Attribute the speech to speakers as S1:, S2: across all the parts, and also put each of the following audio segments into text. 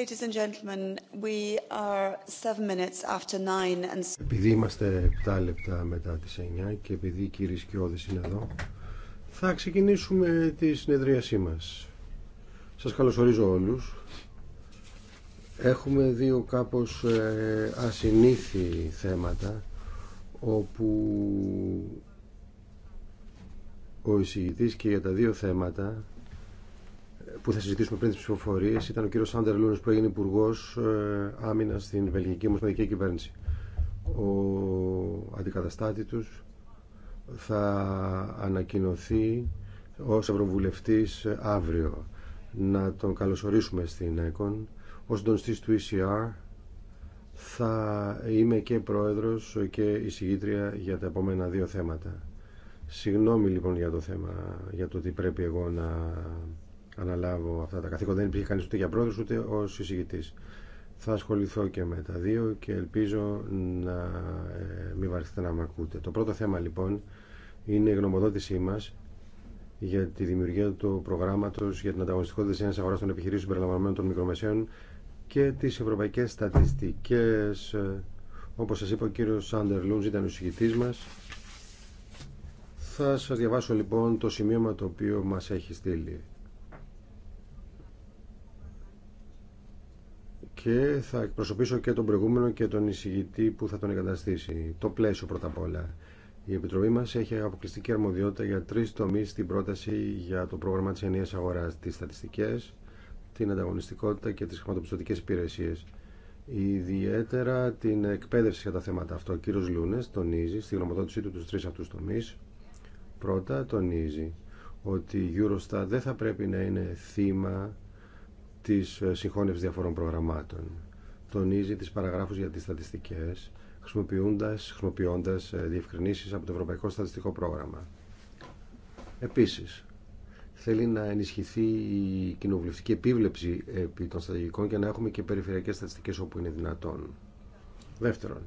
S1: Ladies and gentlemen, we are minutes after Επειδή
S2: είμαστε 7 λεπτά μετά τις 9 και επειδή οι κύριοι Σκιώδης είναι εδώ, θα ξεκινήσουμε τη συνεδρίασή μας. Σας καλωσορίζω όλους. Έχουμε δύο κάπως ε, ασυνήθη θέματα, όπου ο εισηγητής και για τα δύο θέματα που θα συζητήσουμε πριν τι ψηφοφορίε ήταν ο κύριο Άντερ Λούνε που έγινε υπουργό ε, άμυνα στην Βελγική Ομοσπονδική Κυβέρνηση. Ο αντικαταστάτη του θα ανακοινωθεί ω Ευρωβουλευτή αύριο. Να τον καλωσορίσουμε στην ΕΚΟΝ. Ω συντονιστή του ECR θα είμαι και πρόεδρο και εισηγήτρια για τα επόμενα δύο θέματα. Συγγνώμη λοιπόν για το θέμα, για το ότι πρέπει εγώ να αναλάβω αυτά τα καθήκοντα. Δεν υπήρχε κανεί ούτε για πρόεδρο ούτε ω εισηγητή. Θα ασχοληθώ και με τα δύο και ελπίζω να ε, μην βαριστείτε να με ακούτε. Το πρώτο θέμα λοιπόν είναι η γνωμοδότησή μα για τη δημιουργία του προγράμματο για την ανταγωνιστικότητα τη ένα αγορά των επιχειρήσεων περιλαμβανομένων των μικρομεσαίων και τι ευρωπαϊκέ στατιστικέ. Ε, Όπω σα είπα, ο κύριο Σάντερ Λούντζ ήταν ο εισηγητή μα. Θα σα διαβάσω λοιπόν το σημείωμα το οποίο μα έχει στείλει. και θα εκπροσωπήσω και τον προηγούμενο και τον εισηγητή που θα τον εγκαταστήσει. Το πλαίσιο πρώτα απ' όλα. Η Επιτροπή μα έχει αποκλειστική αρμοδιότητα για τρει τομεί στην πρόταση για το πρόγραμμα τη ενιαία αγορά τι στατιστικέ, την ανταγωνιστικότητα και τι χρηματοπιστωτικέ υπηρεσίε. Ιδιαίτερα την εκπαίδευση για τα θέματα Αυτό Ο κύριο Λούνε τονίζει στη γνωμοδότησή του του τρει αυτού τομεί. Πρώτα τονίζει ότι η Eurostat δεν θα πρέπει να είναι θύμα της ε, συγχώνευσης διαφορών προγραμμάτων. Τονίζει τις παραγράφους για τις στατιστικές, χρησιμοποιώντας, χρησιμοποιώντας ε, διευκρινήσεις από το Ευρωπαϊκό Στατιστικό Πρόγραμμα. Επίσης, θέλει να ενισχυθεί η κοινοβουλευτική επίβλεψη επί των στρατηγικών και να έχουμε και περιφερειακές στατιστικές όπου είναι δυνατόν. Δεύτερον,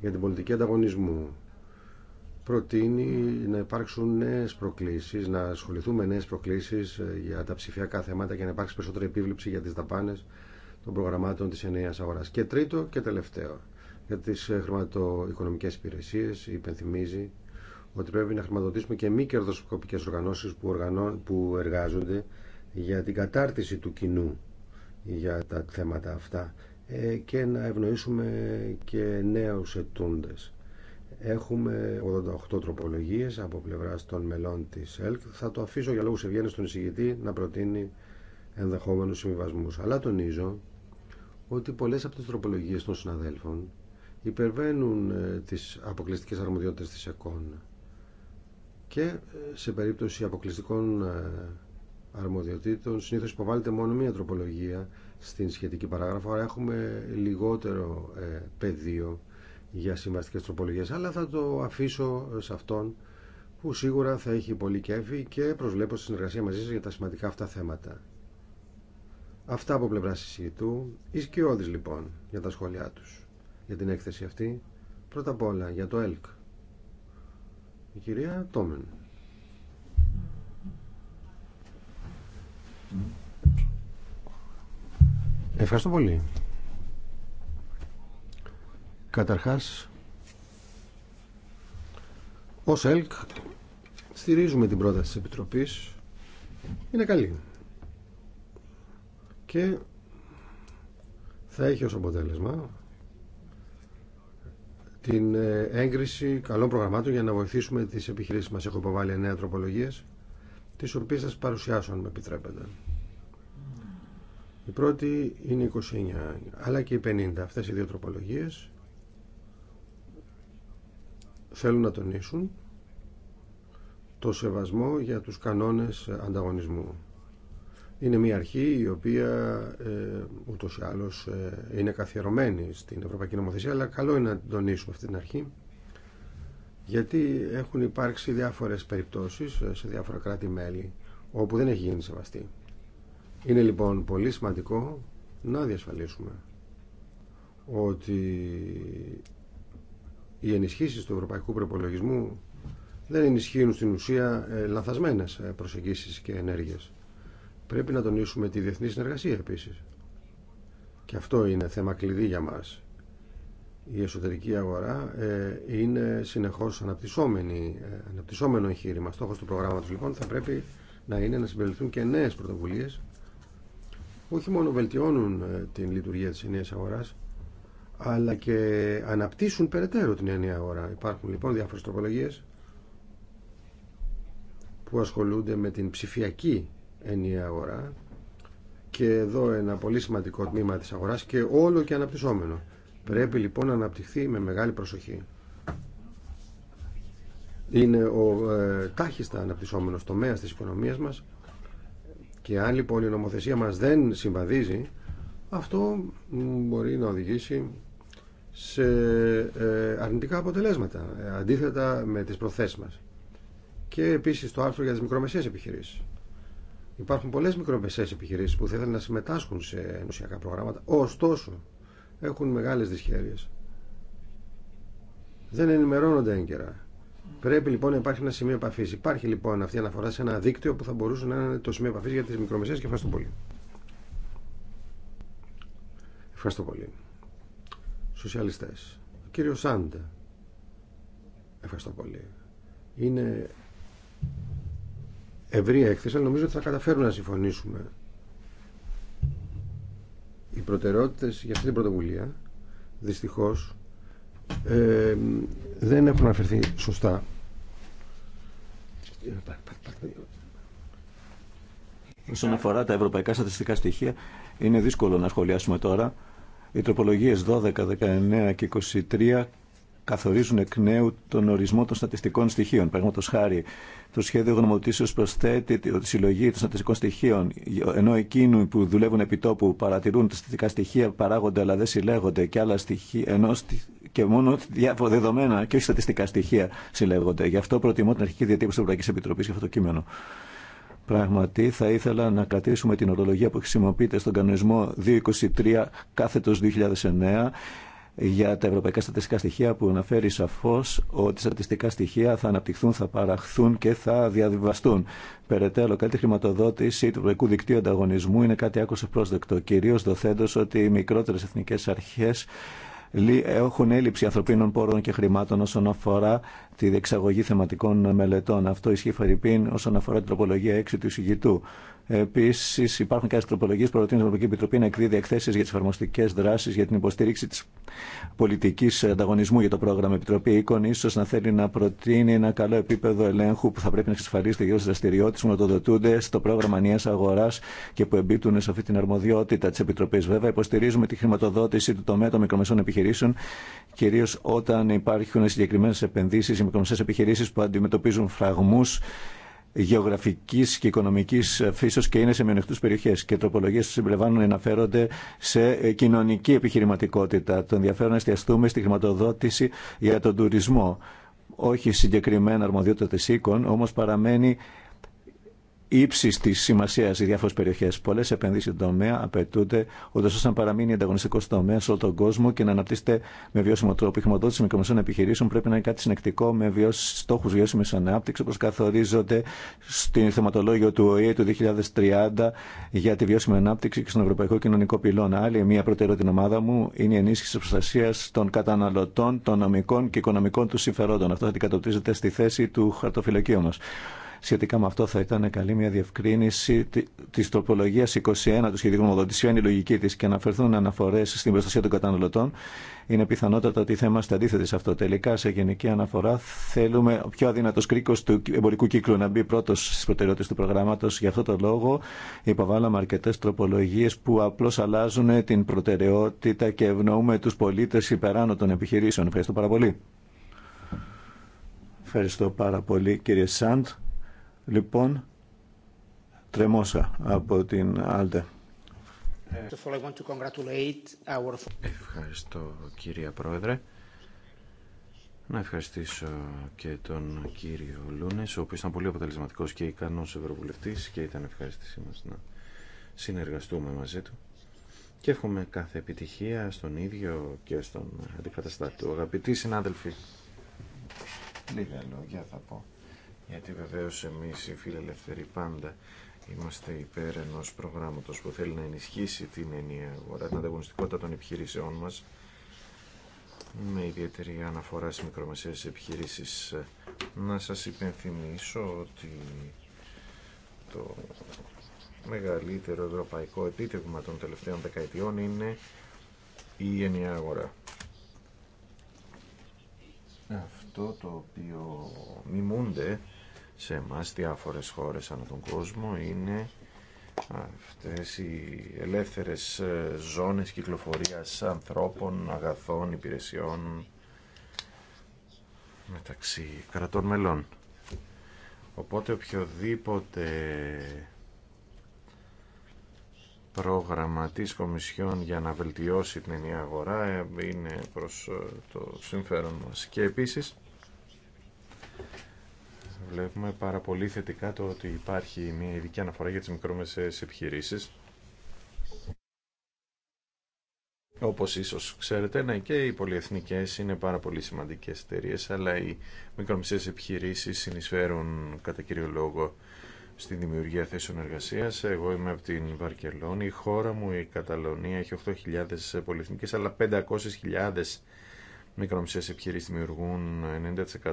S2: για την πολιτική ανταγωνισμού προτείνει να υπάρξουν νέε προκλήσει, να ασχοληθούμε νέε προκλήσει ε, για τα ψηφιακά θέματα και να υπάρξει περισσότερη επίβλεψη για τι δαπάνε των προγραμμάτων τη ενέας αγορά. Και τρίτο και τελευταίο, για τι ε, χρηματοοικονομικές υπηρεσίε, υπενθυμίζει ότι πρέπει να χρηματοδοτήσουμε και μη κερδοσκοπικέ οργανώσει που, που εργάζονται για την κατάρτιση του κοινού για τα θέματα αυτά ε, και να ευνοήσουμε και νέους ετούντες. Έχουμε 88 τροπολογίες από πλευράς των μελών της ΕΛΚ. Θα το αφήσω για λόγους ευγένειας στον εισηγητή να προτείνει ενδεχόμενου συμβιβασμούς. Αλλά τονίζω ότι πολλές από τις τροπολογίες των συναδέλφων υπερβαίνουν ε, τις αποκλειστικές αρμοδιότητες της ΕΚΟΝ και ε, σε περίπτωση αποκλειστικών ε, αρμοδιοτήτων συνήθως υποβάλλεται μόνο μία τροπολογία στην σχετική παράγραφο, άρα έχουμε λιγότερο πεδίο για συμβαστικές τροπολογίες αλλά θα το αφήσω σε αυτόν που σίγουρα θα έχει πολύ κέφι και προσβλέπω στη συνεργασία μαζί σας για τα σημαντικά αυτά θέματα. Αυτά από πλευρά συζητού, οι σκιώδεις λοιπόν για τα σχόλιά τους, για την έκθεση αυτή. Πρώτα απ' όλα για το ΕΛΚ. Η κυρία Τόμεν. Ευχαριστώ πολύ. Καταρχάς, ως ΕΛΚ στηρίζουμε την πρόταση της Επιτροπής. Είναι καλή. Και θα έχει ως αποτέλεσμα την ε, έγκριση καλών προγραμμάτων για να βοηθήσουμε τις επιχειρήσεις μας. Έχω υποβάλει νέα τροπολογίες, τις οποίες θα σας παρουσιάσω αν με επιτρέπετε. Η πρώτη είναι 29, αλλά και η 50. Αυτές οι δύο τροπολογίες θέλουν να τονίσουν το σεβασμό για τους κανόνες ανταγωνισμού. Είναι μια αρχή η οποία ε, ούτως ή άλλως ε, είναι καθιερωμένη στην Ευρωπαϊκή Νομοθεσία αλλά καλό είναι να τονίσουμε αυτή την αρχή γιατί έχουν υπάρξει διάφορες περιπτώσεις ε, σε διάφορα κράτη-μέλη όπου δεν έχει γίνει σεβαστή. Είναι λοιπόν πολύ σημαντικό να διασφαλίσουμε ότι οι ενισχύσεις του ευρωπαϊκού προπολογισμού δεν ενισχύουν στην ουσία ε, λανθασμένες ε, προσεγγίσεις και ενέργειες. Πρέπει να τονίσουμε τη διεθνή συνεργασία επίσης. Και αυτό είναι θέμα κλειδί για μας. Η εσωτερική αγορά ε, είναι συνεχώς αναπτυσσόμενη, αναπτυσσόμενο εγχείρημα. Στόχος του προγράμματος λοιπόν θα πρέπει να είναι να συμπεριληφθούν και νέες πρωτοβουλίες που όχι μόνο βελτιώνουν την λειτουργία της ενιαίας αγοράς αλλά και αναπτύσσουν περαιτέρω την ενιαία αγορά. Υπάρχουν λοιπόν διάφορες τροπολογίες που ασχολούνται με την ψηφιακή ενιαία αγορά και εδώ ένα πολύ σημαντικό τμήμα της αγοράς και όλο και αναπτυσσόμενο. Πρέπει λοιπόν να αναπτυχθεί με μεγάλη προσοχή. Είναι ο ε, τάχιστα αναπτυσσόμενος τομέας της οικονομίας μας και αν λοιπόν η νομοθεσία μας δεν συμβαδίζει αυτό μπορεί να οδηγήσει σε ε, αρνητικά αποτελέσματα, ε, αντίθετα με τις προθέσεις μας. Και επίσης το άρθρο για τις μικρομεσαίες επιχειρήσεις. Υπάρχουν πολλές μικρομεσαίες επιχειρήσεις που θέλουν να συμμετάσχουν σε ενωσιακά προγράμματα, ωστόσο έχουν μεγάλες δυσχέρειες. Δεν ενημερώνονται έγκαιρα. Πρέπει λοιπόν να υπάρχει ένα σημείο επαφή. Υπάρχει λοιπόν αυτή η αναφορά σε ένα δίκτυο που θα μπορούσε να είναι το σημείο επαφή για τι μικρομεσαίε και ευχαριστώ πολύ. Ευχαριστώ πολύ σοσιαλιστές. Ο κύριο Σάντε. Ευχαριστώ πολύ. Είναι ευρία έκθεση, αλλά νομίζω ότι θα καταφέρουμε να συμφωνήσουμε. Οι προτεραιότητες για αυτή την πρωτοβουλία, δυστυχώς, δεν έχουν αναφερθεί
S3: σωστά. Όσον αφορά τα ευρωπαϊκά στατιστικά στοιχεία, είναι δύσκολο να σχολιάσουμε τώρα οι τροπολογίε 12, 19 και 23 καθορίζουν εκ νέου τον ορισμό των στατιστικών στοιχείων. Παραδείγματο χάρη, το σχέδιο γνωμοτήσεω προσθέτει τη συλλογή των στατιστικών στοιχείων, ενώ εκείνοι που δουλεύουν επί τόπου παρατηρούν τα στατιστικά στοιχεία παράγονται αλλά δεν συλλέγονται και άλλα στοιχεία, ενώ και μόνο δεδομένα και όχι στατιστικά στοιχεία συλλέγονται. Γι' αυτό προτιμώ την αρχική διατύπωση τη Ευρωπαϊκή Επιτροπή για αυτό το κείμενο. Πραγματί θα ήθελα να κρατήσουμε την ορολογία που χρησιμοποιείται στον κανονισμό 223 κάθετος 2009 για τα ευρωπαϊκά στατιστικά στοιχεία που αναφέρει σαφώς ότι στατιστικά στοιχεία θα αναπτυχθούν, θα παραχθούν και θα διαβιβαστούν. Περαιτέρω, κάτι χρηματοδότηση του ευρωπαϊκού δικτύου ανταγωνισμού είναι κάτι άκουσε πρόσδεκτο, κυρίως δοθέντως ότι οι μικρότερες εθνικές αρχές έχουν έλλειψη ανθρωπίνων πόρων και χρημάτων όσον αφορά τη διεξαγωγή θεματικών μελετών. Αυτό ισχύει φαρυπίν όσον αφορά την τροπολογία 6 του εισηγητού. Επίση, υπάρχουν κάποιε τροπολογίε που προτείνουν την Ευρωπαϊκή Επιτροπή να εκδίδει εκθέσει για τι εφαρμοστικέ δράσει για την υποστήριξη τη πολιτική ανταγωνισμού για το πρόγραμμα. Επιτροπή Οίκων ίσω να θέλει να προτείνει ένα καλό επίπεδο ελέγχου που θα πρέπει να εξασφαλίσει γύρω στι δραστηριότητε που μετοδοτούνται στο πρόγραμμα ενιαία αγορά και που εμπίπτουν σε αυτή την αρμοδιότητα τη Επιτροπή. Βέβαια, υποστηρίζουμε τη χρηματοδότηση του τομέα των μικρομεσών επιχειρήσεων, κυρίω όταν υπάρχουν συγκεκριμένε επενδύσει ή μικρομεσέ επιχειρήσει που αντιμετωπίζουν φραγμού γεωγραφικής και οικονομικής φύσεω και είναι σε μειονεκτούς περιοχές και τροπολογίε που συμπλεβάνουν αναφέρονται σε ε, κοινωνική επιχειρηματικότητα. Το ενδιαφέρον να εστιαστούμε στη χρηματοδότηση για τον τουρισμό. Όχι συγκεκριμένα αρμοδιότητα τη οίκων, όμως παραμένει ύψη τη σημασία οι διάφορε περιοχέ. Πολλέ επενδύσει στον τομέα απαιτούνται, ούτω ώστε να παραμείνει ανταγωνιστικό τομέα σε όλο τον κόσμο και να αναπτύσσεται με βιώσιμο τρόπο. Η χρηματοδότηση μικρομεσαίων επιχειρήσεων πρέπει να είναι κάτι συνεκτικό με στόχου βιώσιμη ανάπτυξη, όπω καθορίζονται στην θεματολόγιο του ΟΗΕ του 2030 για τη βιώσιμη ανάπτυξη και στον Ευρωπαϊκό Κοινωνικό Πυλώνα. Άλλη μια προτεραιότητα την ομάδα μου είναι η ενίσχυση τη προστασία των καταναλωτών, των νομικών και οικονομικών του συμφερόντων. Αυτό θα αντικατοπτρίζεται στη θέση του χαρτοφυλακίου μα. Σχετικά με αυτό θα ήταν καλή μια διευκρίνηση τη τροπολογία 21 του σχεδίου γνωμοδοτησίου. Είναι η λογική τη και αναφερθούν αναφορέ στην προστασία των καταναλωτών. Είναι πιθανότατα ότι θα είμαστε αντίθετοι σε αυτό. Τελικά, σε γενική αναφορά, θέλουμε ο πιο αδύνατο κρίκο του εμπορικού κύκλου να μπει πρώτο στι προτεραιότητε του προγράμματο. Γι' αυτό το λόγο υποβάλαμε αρκετέ τροπολογίε που απλώ αλλάζουν την προτεραιότητα και ευνοούμε του πολίτε υπεράνω των επιχειρήσεων. Ευχαριστώ πάρα πολύ. Ευχαριστώ πάρα πολύ κύριε Σαντ. Λοιπόν, τρεμόσα από την Άλτε.
S1: Ευχαριστώ κύριε Πρόεδρε. Να ευχαριστήσω και τον κύριο Λούνες, ο οποίος ήταν πολύ αποτελεσματικός και ικανός ευρωβουλευτής και ήταν ευχαριστήσή μας να συνεργαστούμε μαζί του. Και εύχομαι κάθε επιτυχία στον ίδιο και στον αντικαταστάτη του. Αγαπητοί συνάδελφοι, λίγα λόγια θα πω γιατί βεβαίως εμείς οι φιλελευθεροί πάντα είμαστε υπέρ ενό προγράμματος που θέλει να ενισχύσει την ενιαία αγορά, την ανταγωνιστικότητα των επιχειρήσεών μας με ιδιαίτερη αναφορά στις μικρομεσαίες επιχειρήσει Να σας υπενθυμίσω ότι το μεγαλύτερο ευρωπαϊκό επίτευγμα των τελευταίων δεκαετιών είναι η ενιαία αγορά. Αυτό το οποίο μιμούνται σε εμά διάφορες χώρες ανά τον κόσμο είναι αυτές οι ελεύθερες ε, ζώνες κυκλοφορίας ανθρώπων, αγαθών, υπηρεσιών μεταξύ κρατών μελών. Οπότε οποιοδήποτε πρόγραμμα της Κομισιόν για να βελτιώσει την ενιαία αγορά ε, είναι προς ε, το συμφέρον μας. Και επίσης βλέπουμε πάρα πολύ θετικά το ότι υπάρχει μια ειδική αναφορά για τις μικρόμεσες επιχειρήσεις. Όπως ίσως ξέρετε, ναι, και οι πολυεθνικές είναι πάρα πολύ σημαντικές εταιρείε, αλλά οι μικρομεσαίες επιχειρήσεις συνεισφέρουν κατά κύριο λόγο στη δημιουργία θέσεων εργασίας. Εγώ είμαι από την Βαρκελόνη, η χώρα μου, η Καταλωνία, έχει 8.000 πολυεθνικές, αλλά 500.000 μικρομεσαίες επιχειρήσεις δημιουργούν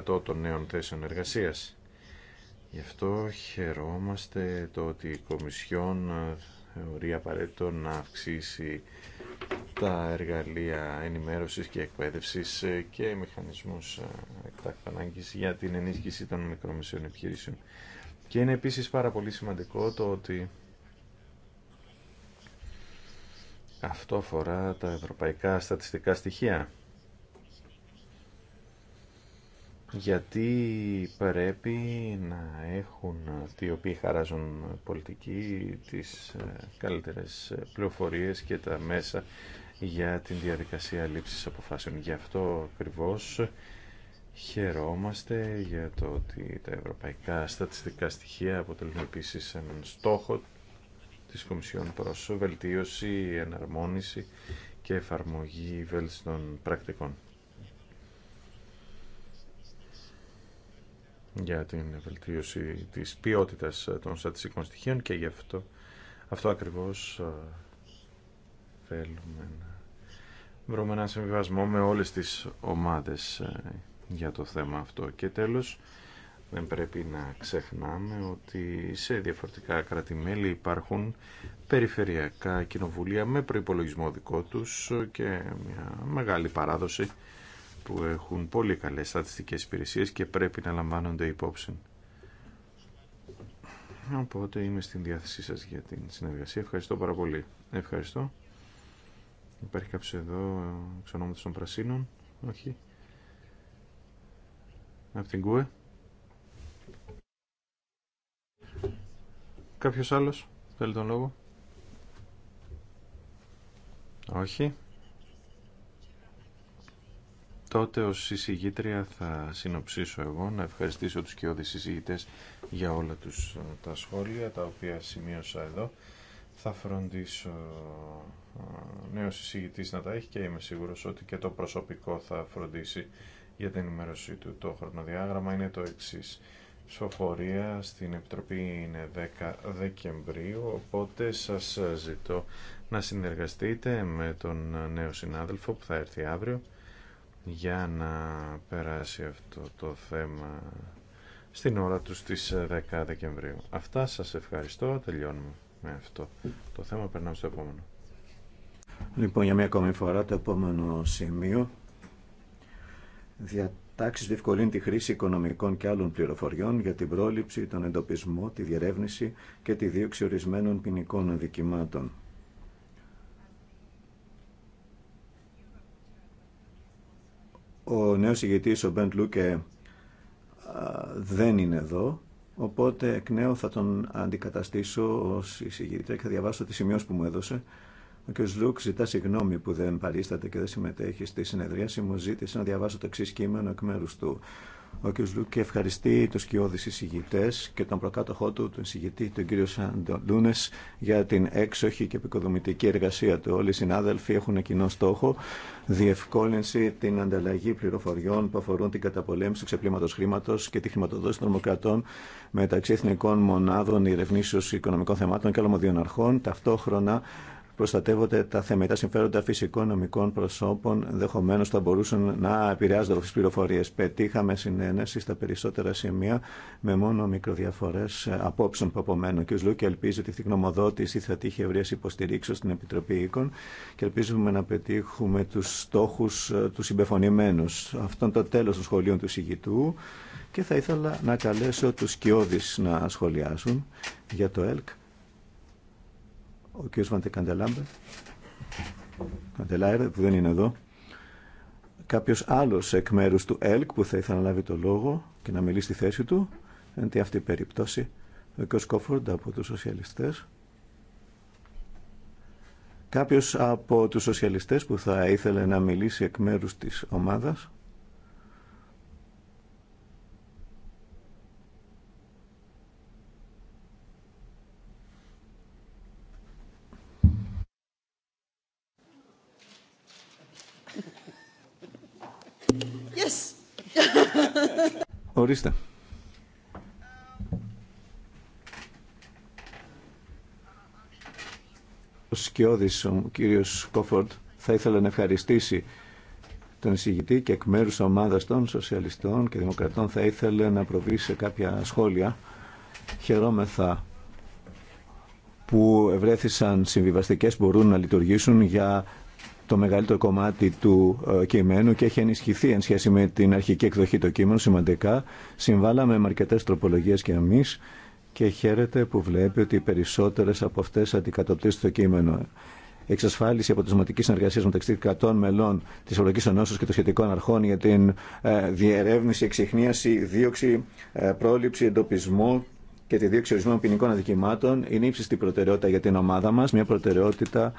S1: 90% των νέων θέσεων εργασίας. Γι' αυτό χαιρόμαστε το ότι η Κομισιόν ε, θεωρεί απαραίτητο να αυξήσει τα εργαλεία ενημέρωσης και εκπαίδευσης ε, και μηχανισμούς ε, εκτάκτου ανάγκης για την ενίσχυση των μικρομεσαίων επιχειρήσεων. Και είναι επίσης πάρα πολύ σημαντικό το ότι αυτό αφορά τα ευρωπαϊκά στατιστικά στοιχεία γιατί πρέπει να έχουν αυτοί οι οποίοι χαράζουν πολιτική τις ε, καλύτερες πληροφορίες και τα μέσα για την διαδικασία λήψης αποφάσεων. Γι' αυτό ακριβώ χαιρόμαστε για το ότι τα ευρωπαϊκά στατιστικά στοιχεία αποτελούν επίσης έναν στόχο της Κομισιόν προς βελτίωση, εναρμόνιση και εφαρμογή βέλτιστων πρακτικών. για την βελτίωση της ποιότητας ε, των στατιστικών στοιχείων και γι' αυτό, αυτό ακριβώς ε, θέλουμε να βρούμε ένα συμβιβασμό με όλες τις ομάδες ε, για το θέμα αυτό. Και τέλος, δεν πρέπει να ξεχνάμε ότι σε διαφορετικά κρατημέλη υπάρχουν περιφερειακά κοινοβουλία με προϋπολογισμό δικό τους και μια μεγάλη παράδοση που έχουν πολύ καλές στατιστικές υπηρεσίες και πρέπει να λαμβάνονται υπόψη. Οπότε είμαι στην διάθεσή σας για την συνεργασία. Ευχαριστώ πάρα πολύ. Ευχαριστώ. Υπάρχει κάποιο εδώ εξ των Πρασίνων. Όχι. Από την ΚΟΕ. Κάποιος άλλος θέλει τον λόγο. Όχι τότε ως συζηγήτρια θα συνοψίσω εγώ να ευχαριστήσω τους και συζητητέ για όλα τους ε, τα σχόλια τα οποία σημείωσα εδώ θα φροντίσω ε, νέος συζηγητής να τα έχει και είμαι σίγουρος ότι και το προσωπικό θα φροντίσει για την ενημέρωσή του. Το χρονοδιάγραμμα είναι το εξή. Σοφορία στην Επιτροπή είναι 10 Δεκεμβρίου, οπότε σας ε, ζητώ να συνεργαστείτε με τον νέο συνάδελφο που θα έρθει αύριο για να περάσει αυτό το θέμα στην ώρα του στις 10 Δεκεμβρίου. Αυτά σας ευχαριστώ. Τελειώνουμε με αυτό το θέμα. Περνάμε στο επόμενο.
S3: Λοιπόν, για μια ακόμη φορά το επόμενο σημείο. Διατάξεις διευκολύνει τη χρήση οικονομικών και άλλων πληροφοριών για την πρόληψη, τον εντοπισμό, τη διερεύνηση και τη δίωξη ορισμένων ποινικών δικημάτων. Ο νέος ηγετής, ο Μπεντ Λούκε, δεν είναι εδώ, οπότε εκ νέου θα τον αντικαταστήσω ως εισηγητή και θα διαβάσω τις σημειώσεις που μου έδωσε. Ο κ. Λουκ ζητά συγγνώμη που δεν παρίσταται και δεν συμμετέχει στη συνεδρίαση. Μου ζήτησε να διαβάσω το εξή κείμενο εκ μέρου του. Ο κ. Λούκη ευχαριστεί τους σκιώδει εισηγητέ και τον προκάτοχό του, τον εισηγητή, τον κ. Σαντολούνε, για την έξοχη και επικοδομητική εργασία του. Όλοι οι συνάδελφοι έχουν κοινό στόχο, διευκόλυνση την ανταλλαγή πληροφοριών που αφορούν την καταπολέμηση του ξεπλήματο χρήματο και τη χρηματοδότηση των νομοκρατών μεταξύ εθνικών μονάδων, ερευνήσεω οικονομικών θεμάτων και άλλων αρχών, ταυτόχρονα προστατεύονται τα θεμετά συμφέροντα φυσικών νομικών προσώπων, ενδεχομένω θα μπορούσαν να επηρεάζονται από τι πληροφορίε. Πετύχαμε συνένεση στα περισσότερα σημεία με μόνο μικροδιαφορέ απόψεων που απομένουν. Και ο Λούκη ελπίζει ότι η γνωμοδότηση θα τύχει ευρεία υποστηρίξεω στην Επιτροπή Οίκων και ελπίζουμε να πετύχουμε του στόχου ε, του συμπεφωνημένου. Αυτό είναι το τέλο των σχολείων του Σιγητού. και θα ήθελα να καλέσω τους σκιώδεις να σχολιάσουν για το ΕΛΚ ο κ. Βαντεκαντελάμπε, Καντελάερ, που δεν είναι εδώ, κάποιος άλλος εκ μέρου του ΕΛΚ που θα ήθελε να λάβει το λόγο και να μιλήσει στη θέση του, εν τη αυτή η περίπτωση, ο κ. Σκόφορντ από τους σοσιαλιστές. Κάποιος από τους σοσιαλιστές που θα ήθελε να μιλήσει εκ μέρους της ομάδας. Ορίστε. Ο Σκιώδης, ο κύριος Κόφορντ, θα ήθελε να ευχαριστήσει τον εισηγητή και εκ μέρου ομάδα των Σοσιαλιστών και Δημοκρατών θα ήθελε να προβεί σε κάποια σχόλια. Χαιρόμεθα που ευρέθησαν συμβιβαστικές που μπορούν να λειτουργήσουν για το μεγαλύτερο κομμάτι του ε, κειμένου και έχει ενισχυθεί εν σχέση με την αρχική εκδοχή του κείμενου, σημαντικά. Συμβάλαμε με αρκετέ τροπολογίε και εμεί και χαίρεται που βλέπει ότι οι περισσότερες από αυτέ αντικατοπτρίζουν το κείμενο. Εξασφάλιση αποτελεσματική συνεργασία μεταξύ 100 μελών τη Ευρωπαϊκή Ενώσεω και των σχετικών αρχών για την ε, διερεύνηση, εξυχνίαση, δίωξη, ε, πρόληψη, εντοπισμό και τη δίωξη ορισμένων ποινικών αδικημάτων είναι ύψιστη προτεραιότητα για την ομάδα μα, μια προτεραιότητα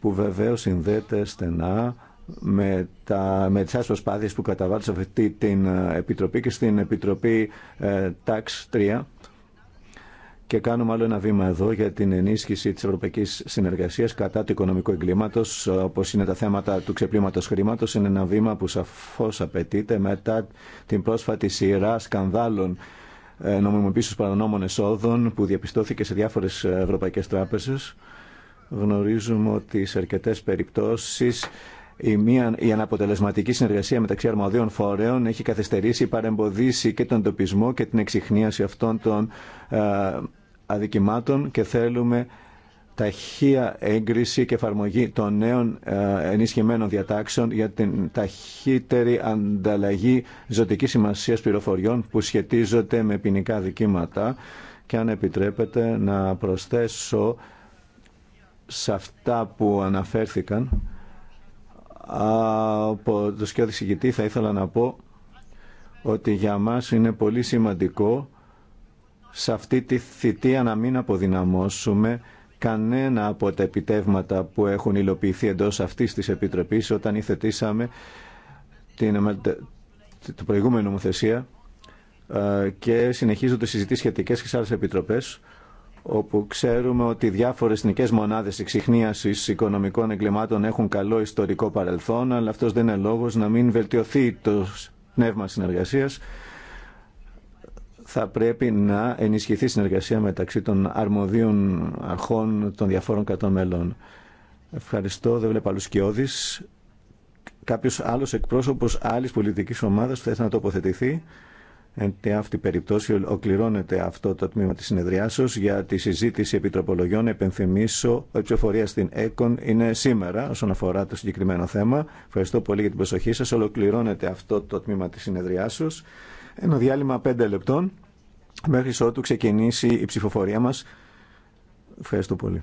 S3: που βεβαίως συνδέεται στενά με, τα, με τις προσπάθειες που καταβάλλουν σε αυτή την ε, Επιτροπή και στην Επιτροπή ε, Tax 3 και κάνουμε άλλο ένα βήμα εδώ για την ενίσχυση της ευρωπαϊκής συνεργασίας κατά του οικονομικού εγκλήματος, όπως είναι τα θέματα του ξεπλήματος χρήματος. Είναι ένα βήμα που σαφώς απαιτείται μετά την πρόσφατη σειρά σκανδάλων ε, νομιμοποίησης παρανόμων εσόδων που διαπιστώθηκε σε διάφορες ε, ευρωπαϊκές τράπεζες γνωρίζουμε ότι σε αρκετέ περιπτώσεις η, μία, η αναποτελεσματική συνεργασία μεταξύ αρμοδίων φορέων έχει καθυστερήσει, παρεμποδίσει και τον τοπισμό και την εξυχνίαση αυτών των ε, αδικημάτων και θέλουμε ταχεία έγκριση και εφαρμογή των νέων ε, ενισχυμένων διατάξεων για την ταχύτερη ανταλλαγή ζωτικής σημασίας πληροφοριών που σχετίζονται με ποινικά δικήματα και αν επιτρέπετε να προσθέσω σε αυτά που αναφέρθηκαν από το σκιώδη συγκητή θα ήθελα να πω ότι για μας είναι πολύ σημαντικό σε αυτή τη θητεία να μην αποδυναμώσουμε κανένα από τα επιτεύγματα που έχουν υλοποιηθεί εντός αυτής της Επιτροπής όταν υθετήσαμε την, το προηγούμενο νομοθεσία ε, και συνεχίζονται συζητήσεις σχετικές και σε άλλες επιτροπές όπου ξέρουμε ότι διάφορες εθνικέ μονάδες εξυχνίασης οικονομικών εγκλημάτων έχουν καλό ιστορικό παρελθόν, αλλά αυτός δεν είναι λόγος να μην βελτιωθεί το πνεύμα συνεργασίας. Θα πρέπει να ενισχυθεί η συνεργασία μεταξύ των αρμοδίων αρχών των διαφόρων κατών μελών. Ευχαριστώ. Δεν βλέπω άλλου κοιόδη. Κάποιο άλλο εκπρόσωπο άλλη πολιτική ομάδα που θα να τοποθετηθεί. Εν τε αυτή περιπτώση ολοκληρώνεται αυτό το τμήμα της συνεδριάσεως για τη συζήτηση επιτροπολογιών. Επενθυμίσω, η ψηφοφορία στην ΕΚΟΝ είναι σήμερα όσον αφορά το συγκεκριμένο θέμα. Ευχαριστώ πολύ για την προσοχή σας. Ολοκληρώνεται αυτό το τμήμα της συνεδριάσεως. Ένα διάλειμμα πέντε λεπτών μέχρι ότου ξεκινήσει η ψηφοφορία μας. Ευχαριστώ πολύ.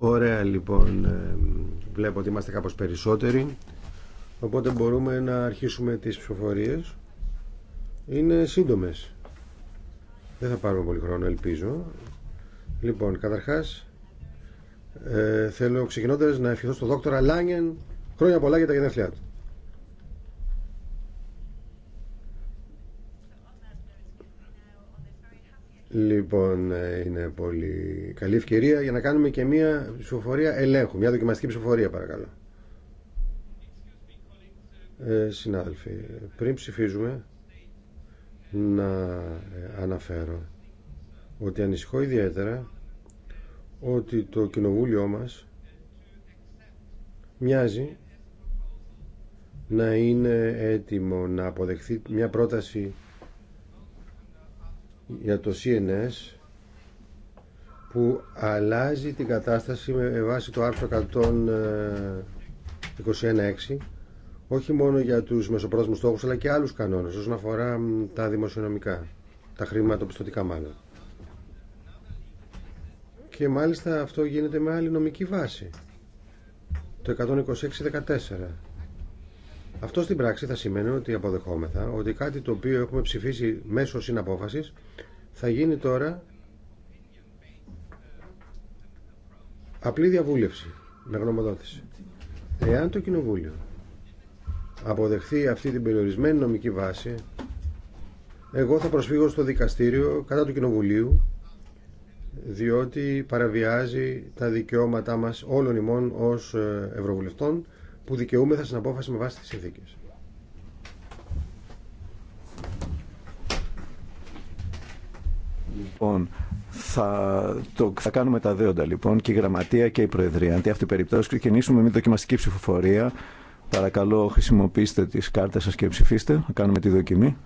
S2: Ωραία, λοιπόν, ε, βλέπω ότι είμαστε κάπως περισσότεροι, οπότε μπορούμε να αρχίσουμε τις ψηφοφορίες. Είναι σύντομες. Δεν θα πάρουμε πολύ χρόνο, ελπίζω. Λοιπόν, καταρχάς, ε, θέλω ξεκινώντας να ευχηθώ στον δόκτωρα Λάγεν χρόνια πολλά για τα γενέθλιά του. Λοιπόν, ε, είναι πολύ καλή ευκαιρία για να κάνουμε και μια ψηφοφορία ελέγχου, μια δοκιμαστική ψηφοφορία παρακαλώ. Ε, συνάδελφοι, πριν ψηφίζουμε να ε, αναφέρω ότι ανησυχώ ιδιαίτερα ότι το κοινοβούλιο μας μοιάζει να είναι έτοιμο να αποδεχθεί μια πρόταση για το CNS που αλλάζει την κατάσταση με βάση το άρθρο 121.6 ε, όχι μόνο για τους μεσοπρόθεσμους στόχους αλλά και άλλους κανόνες όσον αφορά τα δημοσιονομικά, τα χρηματοπιστωτικά μάλλον. Και μάλιστα αυτό γίνεται με άλλη νομική βάση. Το 126.14 αυτό στην πράξη θα σημαίνει ότι αποδεχόμεθα ότι κάτι το οποίο έχουμε ψηφίσει μέσω συναπόφαση θα γίνει τώρα απλή διαβούλευση με γνωμοδότηση. Εάν το Κοινοβούλιο αποδεχθεί αυτή την περιορισμένη νομική βάση, εγώ θα προσφύγω στο δικαστήριο κατά του Κοινοβουλίου, διότι παραβιάζει τα δικαιώματά μας όλων ημών ως ε, Ευρωβουλευτών που δικαιούμεθα στην απόφαση με βάση τις συνθήκες.
S3: Λοιπόν, θα, το, θα κάνουμε τα δέοντα λοιπόν και η Γραμματεία και η Προεδρία. Αντί αυτή περιπτώσει περιπτώση, ξεκινήσουμε με δοκιμαστική ψηφοφορία. Παρακαλώ, χρησιμοποιήστε τις κάρτες σας και ψηφίστε. Θα κάνουμε τη δοκιμή.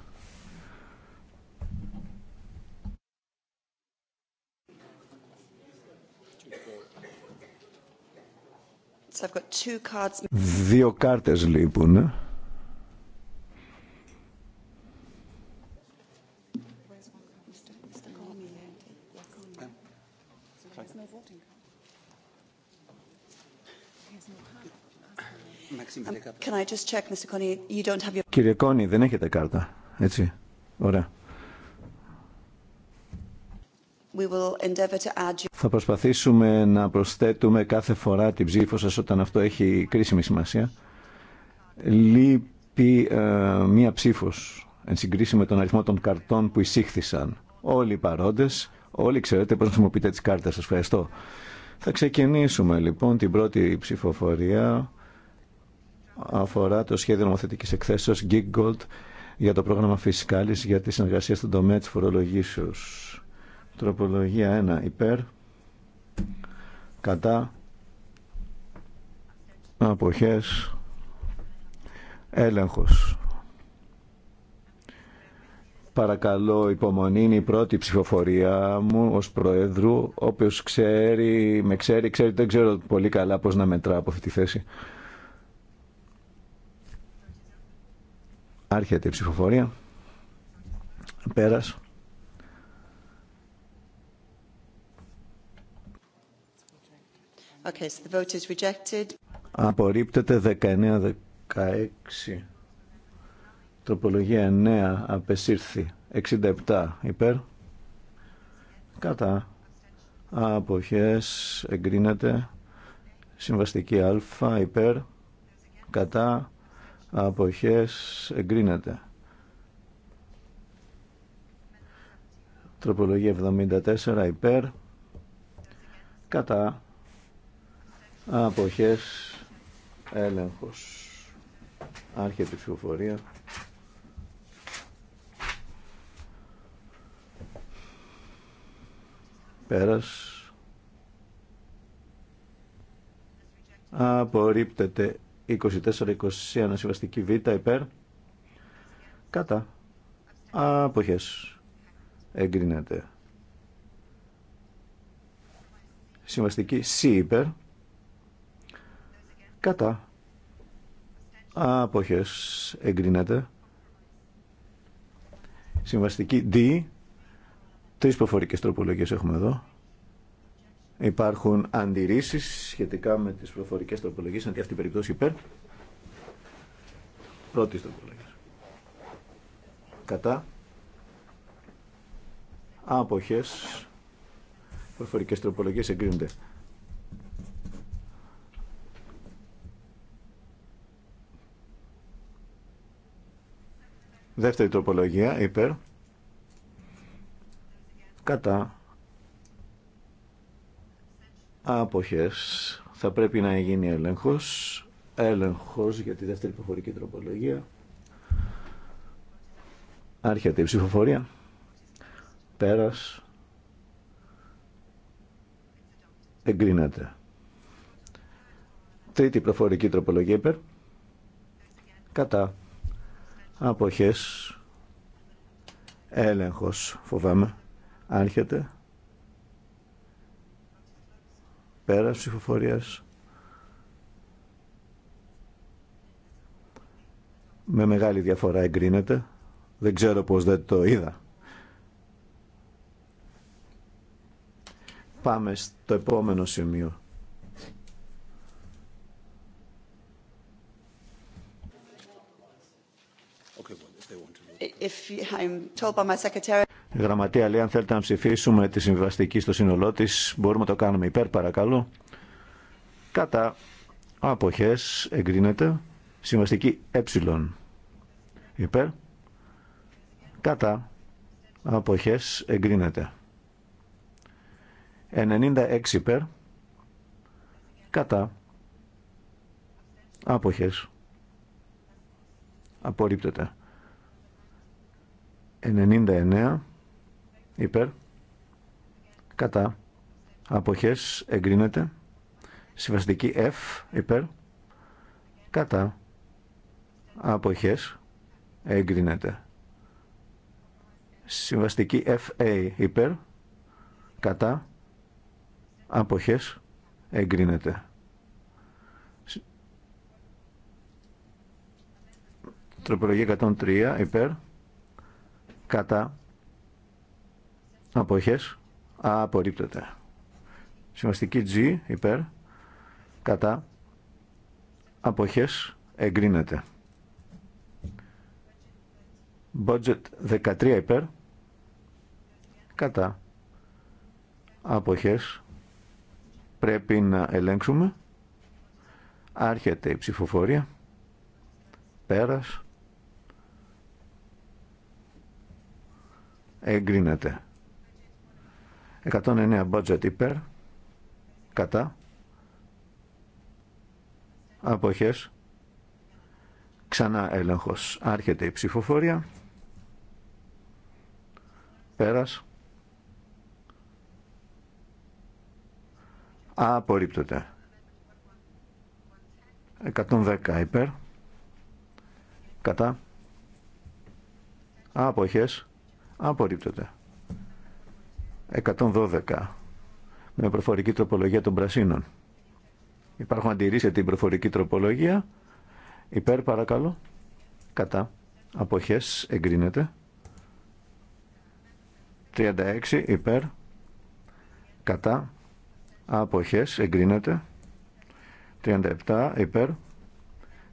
S3: Δύο κάρτες λείπουν. Κύριε Κόνι, δεν έχετε κάρτα, έτσι. Ωραία. Θα προσπαθήσουμε να προσθέτουμε κάθε φορά την ψήφο σας όταν αυτό έχει κρίσιμη σημασία. Λείπει ε, μία ψήφος εν συγκρίση με τον αριθμό των καρτών που εισήχθησαν. Όλοι οι παρόντες, όλοι ξέρετε πώς χρησιμοποιείτε τις κάρτες σας. Ευχαριστώ. Θα ξεκινήσουμε λοιπόν την πρώτη ψηφοφορία αφορά το σχέδιο νομοθετικής εκθέσεως Giggold για το πρόγραμμα φυσικάλης για τη συνεργασία στον τομέα της φορολογήσεως. Τροπολογία 1 υπέρ κατά αποχές έλεγχος. Παρακαλώ, υπομονή είναι η πρώτη ψηφοφορία μου ως Προέδρου. Όποιος ξέρει, με ξέρει, ξέρει, δεν ξέρω πολύ καλά πώς να μετρά από αυτή τη θέση. Άρχεται η ψηφοφορία. Πέρας.
S1: Okay, so the vote is rejected.
S3: Απορρίπτεται 19-16. Τροπολογία 9 απεσύρθη. 67 υπέρ. Κατά. Αποχές εγκρίνεται. Συμβαστική α υπέρ. Κατά. Αποχές εγκρίνεται. Τροπολογία 74 υπέρ. Κατά Αποχές έλεγχος. Άρχεται η ψηφοφορία. Πέρας. Απορρίπτεται 24-21 συμβαστική β υπέρ. Κατά. Αποχές. Εγκρίνεται. Συμβαστική C υπέρ κατά άποχες εγκρίνεται συμβαστική D τρεις προφορικές τροπολογίες έχουμε εδώ υπάρχουν αντιρρήσεις σχετικά με τις προφορικές τροπολογίες αντί αυτή την περιπτώση υπέρ πρώτης τροπολογίας κατά άποχες προφορικές τροπολογίες εγκρίνονται Δεύτερη τροπολογία, υπέρ. Κατά. Άποχες. Θα πρέπει να γίνει έλεγχος. Έλεγχος για τη δεύτερη προφορική τροπολογία. Άρχεται η ψηφοφορία. Πέρας. Εγκρίνεται. Τρίτη προφορική τροπολογία υπέρ. Κατά αποχές έλεγχος φοβάμαι άρχεται πέρα ψηφοφορίας με μεγάλη διαφορά εγκρίνεται δεν ξέρω πως δεν το είδα πάμε στο επόμενο σημείο Η γραμματεία λέει αν θέλετε να ψηφίσουμε τη συμβαστική στο σύνολό τη, μπορούμε να το κάνουμε υπέρ παρακαλώ. Κατά αποχές εγκρίνεται συμβαστική ε υπέρ. Κατά αποχές εγκρίνεται. 96 υπέρ. Κατά αποχές απορρίπτεται. 99 υπέρ κατά αποχές εγκρίνεται συμβαστική F υπέρ κατά αποχές εγκρίνεται συμβαστική FA υπέρ κατά αποχές εγκρίνεται τροπολογία 103 υπέρ κατά αποχές απορρίπτεται. Συμβαστική G υπέρ κατά αποχές εγκρίνεται. Budget 13 υπέρ κατά αποχές πρέπει να ελέγξουμε. Άρχεται η ψηφοφορία. Πέρας. εγκρίνεται. 109 budget υπέρ, κατά, αποχές, ξανά έλεγχος. Άρχεται η ψηφοφορία, πέρας, απορρίπτωται. 110 υπέρ, κατά, αποχές, Απορρίπτεται. 112. Με προφορική τροπολογία των πρασίνων. Υπάρχουν αντιρρήσει την προφορική τροπολογία. Υπέρ παρακαλώ. Κατά. Αποχές εγκρίνεται. 36 υπέρ. Κατά. Αποχές εγκρίνεται. 37 υπέρ.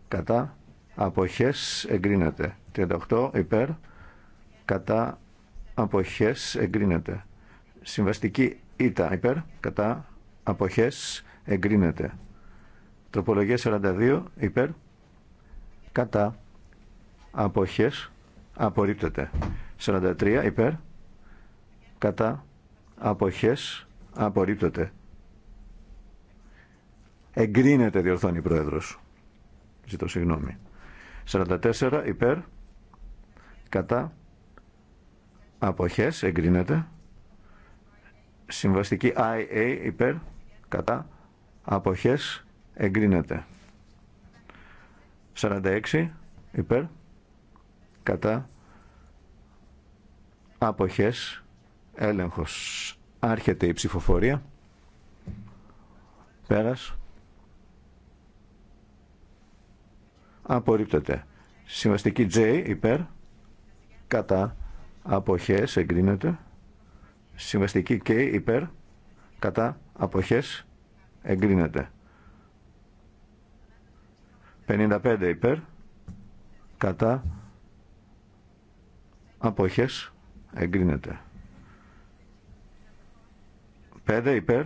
S3: Κατά. Αποχές εγκρίνεται. 38 υπέρ. Κατά αποχές εγκρίνεται. Συμβαστική ήττα υπέρ, κατά, αποχές εγκρίνεται. Τροπολογία 42 υπέρ, κατά, αποχές απορρίπτεται. 43 υπέρ, κατά, αποχές απορρίπτεται. Εγκρίνεται διορθώνει η Πρόεδρος. Ζητώ συγγνώμη. 44 υπέρ, κατά, αποχές εγκρίνεται συμβαστική IA υπέρ κατά αποχές εγκρίνεται 46 υπέρ κατά αποχές έλεγχος άρχεται η ψηφοφορία πέρας απορρίπτεται συμβαστική J υπέρ κατά αποχές εγκρίνεται. Συμβαστική και υπέρ κατά αποχές εγκρίνεται. 55 υπέρ κατά αποχές εγκρίνεται. 5 υπέρ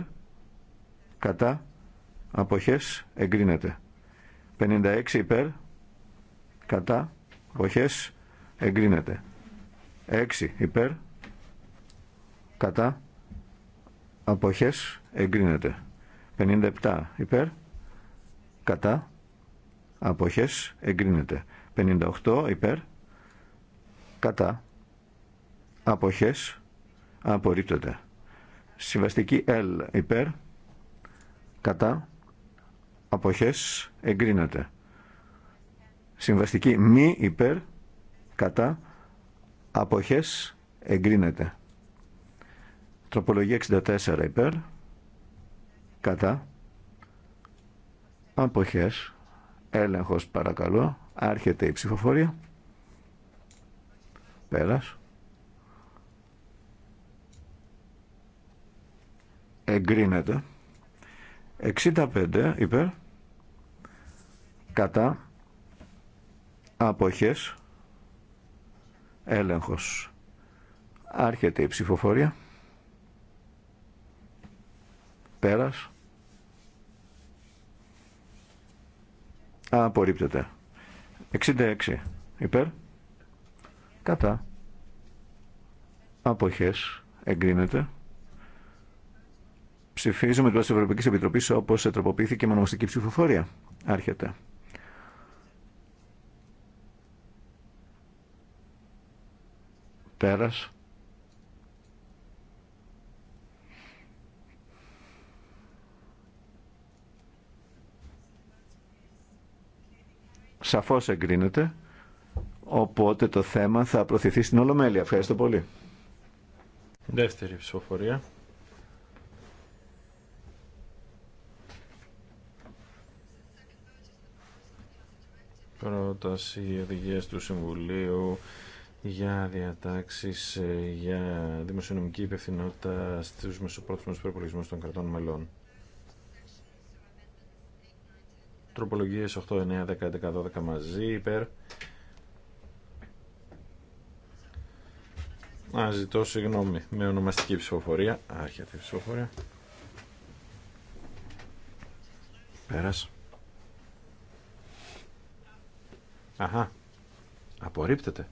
S3: κατά αποχές εγκρίνεται. 56 υπέρ κατά αποχές εγκρίνεται. 6 υπέρ κατά αποχές εγκρίνεται 57 υπέρ κατά αποχές εγκρίνεται 58 υπέρ κατά αποχές απορρίπτεται συμβαστική L υπέρ κατά αποχές εγκρίνεται συμβαστική μη υπέρ κατά αποχές εγκρίνεται. Τροπολογία 64 υπέρ, κατά, αποχές, έλεγχος παρακαλώ, άρχεται η ψηφοφορία, πέρας, εγκρίνεται, 65 υπέρ, κατά, αποχές, έλεγχος. Άρχεται η ψηφοφορία. Πέρας. Απορρίπτεται. 66 υπέρ. Κατά. Αποχές. Εγκρίνεται. Ψηφίζουμε το της Ευρωπαϊκής Επιτροπής όπως τροποποιήθηκε η μονομαστική ψηφοφορία. Άρχεται. Πέρας. Σαφώς εγκρίνεται, οπότε το θέμα θα προθεθεί στην Ολομέλεια. Ευχαριστώ πολύ.
S1: Δεύτερη ψηφοφορία. πρόταση οδηγίας του Συμβουλίου για διατάξεις ε, για δημοσιονομική υπευθυνότητα στους μεσοπρόθεσμου προπολογισμού των κρατών μελών. Τροπολογίες 8, 9, 10, 11, 12 μαζί, υπέρ. Να ζητώ συγγνώμη με ονομαστική ψηφοφορία. Άρχια τη ψηφοφορία. Πέρας. Αχα. Απορρίπτεται.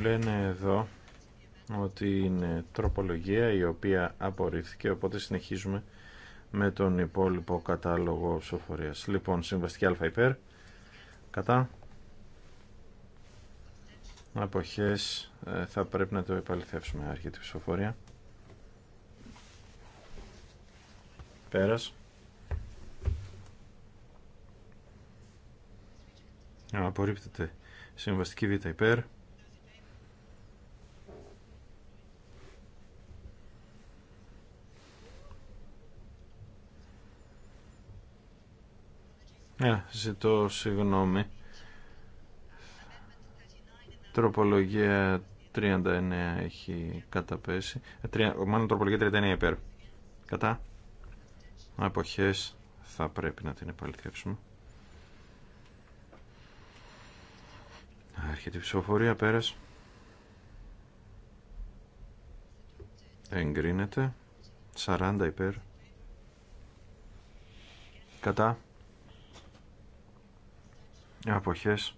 S1: λένε εδώ ότι είναι τροπολογία η οποία απορρίφθηκε, οπότε συνεχίζουμε με τον υπόλοιπο κατάλογο ψηφοφορίας. Λοιπόν, συμβαστική α υπέρ, κατά, αποχές, ε, θα πρέπει να το επαληθεύσουμε, αρχή ψηφοφορία. Πέρας. Απορρίπτεται. Συμβαστική βήτα υπέρ. Ε, ζητώ συγγνώμη. Τροπολογία 39 έχει καταπέσει. Ε, μάλλον τροπολογία 39 υπέρ. Κατά. Αποχές θα πρέπει να την επαληθεύσουμε. Άρχεται η ψηφοφορία πέρας. Εγκρίνεται. 40 υπέρ. Κατά. Αποχές.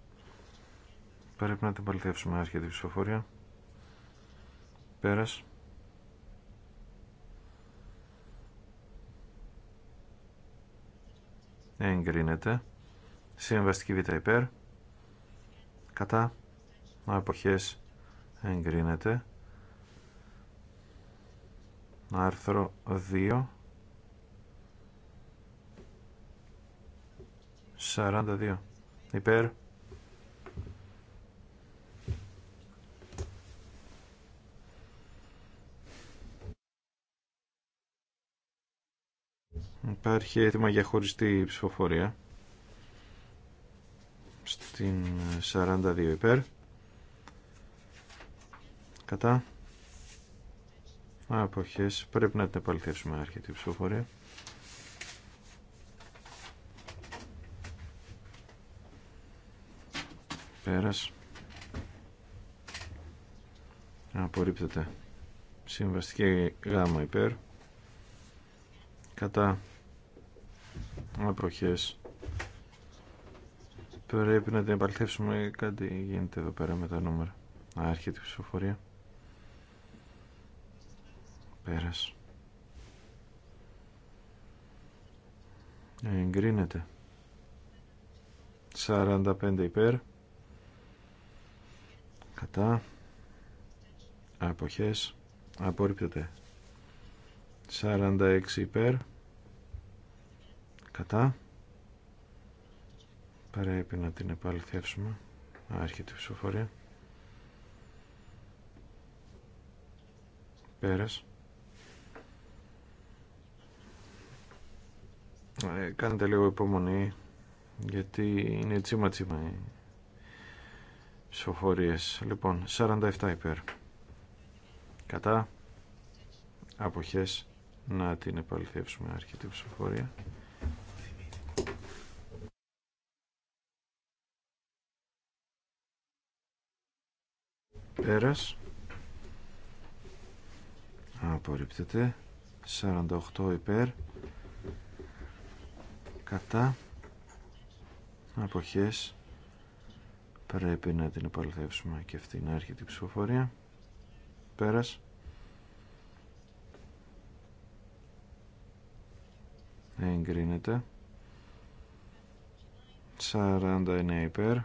S1: Πρέπει να την παληθεύσουμε άρχεται ψηφοφορία. Πέρας. Εγκρίνεται. Συμβαστική β' υπέρ κατά εποχές εγκρίνεται άρθρο 2 42 υπέρ Υπάρχει έτοιμα για χωριστή ψηφοφορία στην 42 υπέρ κατά αποχές πρέπει να την επαληθεύσουμε αρκετή ψηφοφορία πέρας απορρίπτεται συμβαστική γάμα υπέρ κατά αποχές Πρέπει να την επαληθεύσουμε κάτι γίνεται εδώ πέρα με τα νούμερα. έρχεται η ψηφοφορία. Πέρας. Εγκρίνεται. 45 υπέρ. Κατά. Αποχές. Απορρίπτεται. 46 υπέρ. Κατά. Πρέπει να την επαληθεύσουμε. Άρχεται η ψηφοφορία. Πέρας. Ε, κάντε λίγο υπομονή γιατί είναι τσίμα τσίμα οι ψηφοφορίες. Λοιπόν, 47 υπέρ. Κατά αποχές να την επαληθεύσουμε. Άρχεται η ψηφοφορία. πέρας απορρίπτεται 48 υπέρ κατά αποχές πρέπει να την επαληθεύσουμε και αυτή να έρχεται η ψηφοφορία πέρας εγκρίνεται 49 υπέρ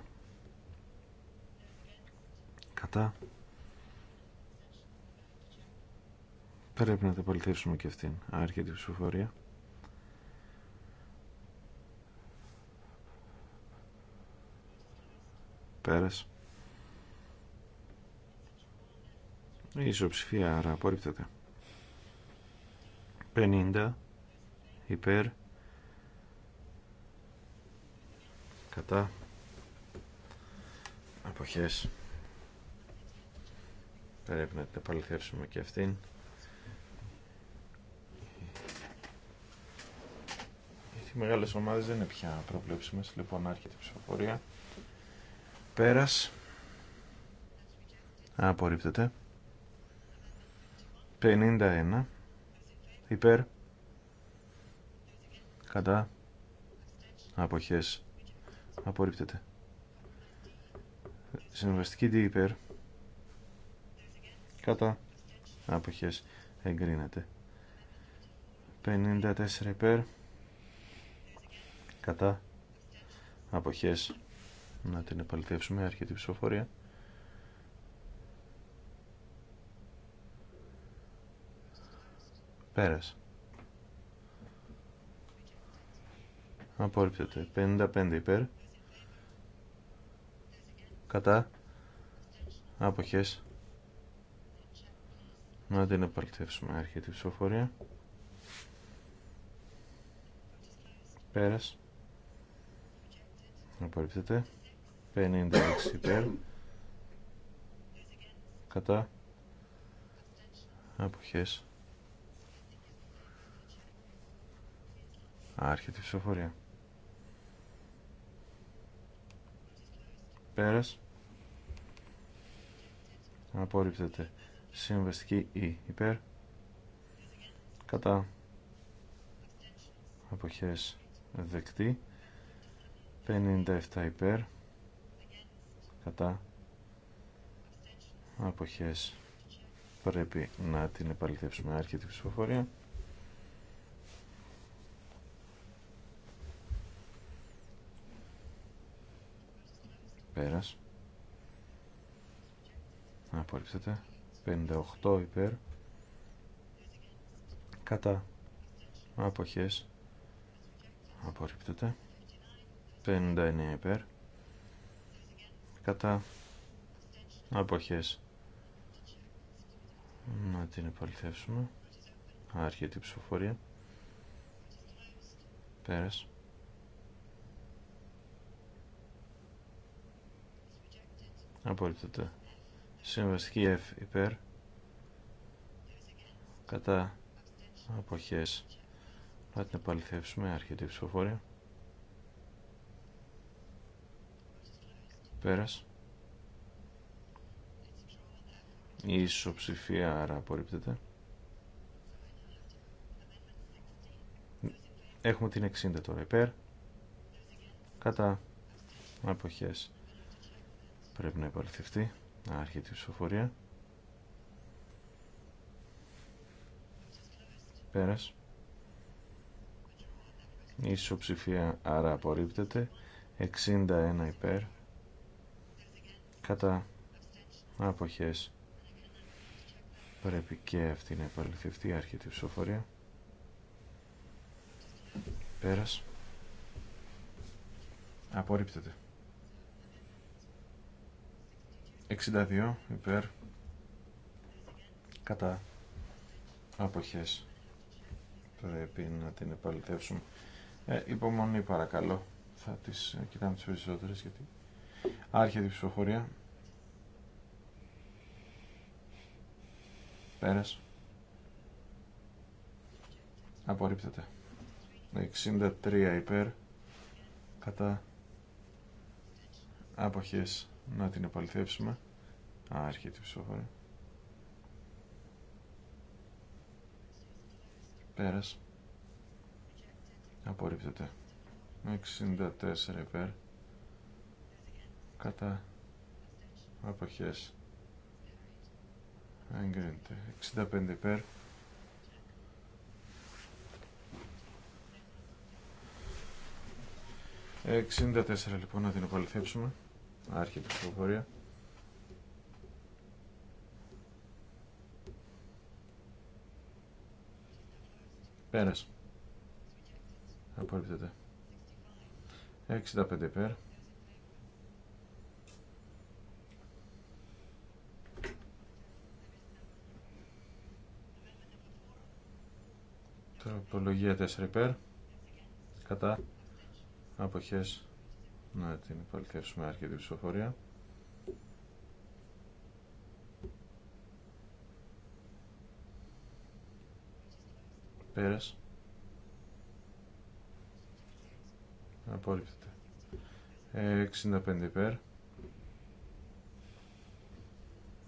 S1: Κατά. Πρέπει να τα παληθεύσουμε και αυτήν. Άρχεται η ψηφοφορία. Πέρας. Η ισοψηφία άρα απορρίπτεται. 50 υπέρ κατά αποχές πρέπει να την επαληθεύσουμε και αυτήν. Οι μεγάλες ομάδες δεν είναι πια προβλέψιμες, λοιπόν άρχεται η ψηφοφορία. Πέρας. Απορρίπτεται. 51. Υπέρ. Κατά. Αποχές. Απορρίπτεται. Συμβαστική τι υπέρ κατά άποχες εγκρίνεται 54 υπέρ κατά αποχές να την επαληθεύσουμε αρχιετή ψηφοφορία πέρας απόρριπτεται 55 υπέρ κατά αποχές να την επαλτεύσουμε Άρχεται η ψηφοφορία. Πέρας. Απορρίπτεται. 56 υπέρ. Κατά. Αποχές. Άρχεται η ψηφοφορία. Πέρας. Απορρίπτεται. Συμβαστική η υπέρ. Κατά. Αποχές δεκτή. 57 υπέρ. Κατά. Αποχές πρέπει να την επαληθεύσουμε αρκετή ψηφοφορία. Πέρας. απορρίψετε 58 υπέρ κατά αποχές απορρίπτεται 59 υπέρ κατά αποχές να την επαληθεύσουμε άρχεται η ψηφοφορία πέρας απορρίπτεται Συμβαστική F υπέρ κατά αποχές πάτε να παληθεύσουμε αρχιτή η ψηφοφορία πέρας η ισοψηφία άρα απορρίπτεται έχουμε την 60 τώρα υπέρ κατά αποχές πρέπει να επαληθευτεί έρχεται η ψηφοφορία. Πέρας. Η ισοψηφία άρα απορρίπτεται. 61 υπέρ. Κατά αποχές. Πρέπει και αυτή να επαληθευτεί. Άρχεται ψηφοφορία. Πέρας. Απορρίπτεται. 62 υπέρ κατά αποχές πρέπει να την επαληθεύσουμε ε, υπομονή παρακαλώ θα τις ε, κοιτάμε τις περισσότερες γιατί άρχεται η ψηφοφορία πέρας απορρίπτεται 63 υπέρ κατά αποχές να την επαληθεύσουμε. Α, έρχεται η ψηφοφορία. Πέρας. Απορρίπτεται. 64 υπέρ. Κατά. Αποχές. Εγκρίνεται. 65 υπέρ. 64 τέσσερα λοιπόν να την επαληθεύσουμε. Άρχεται η ψηφοφορία. Πέρας. Απορρίπτεται. 65 πέρα. Τροπολογία 4 υπέρ. Κατά. Αποχές. Να την επαληθεύσουμε αρκετή ψηφοφορία. Πέρας. Απόλυπτεται 65 υπέρ.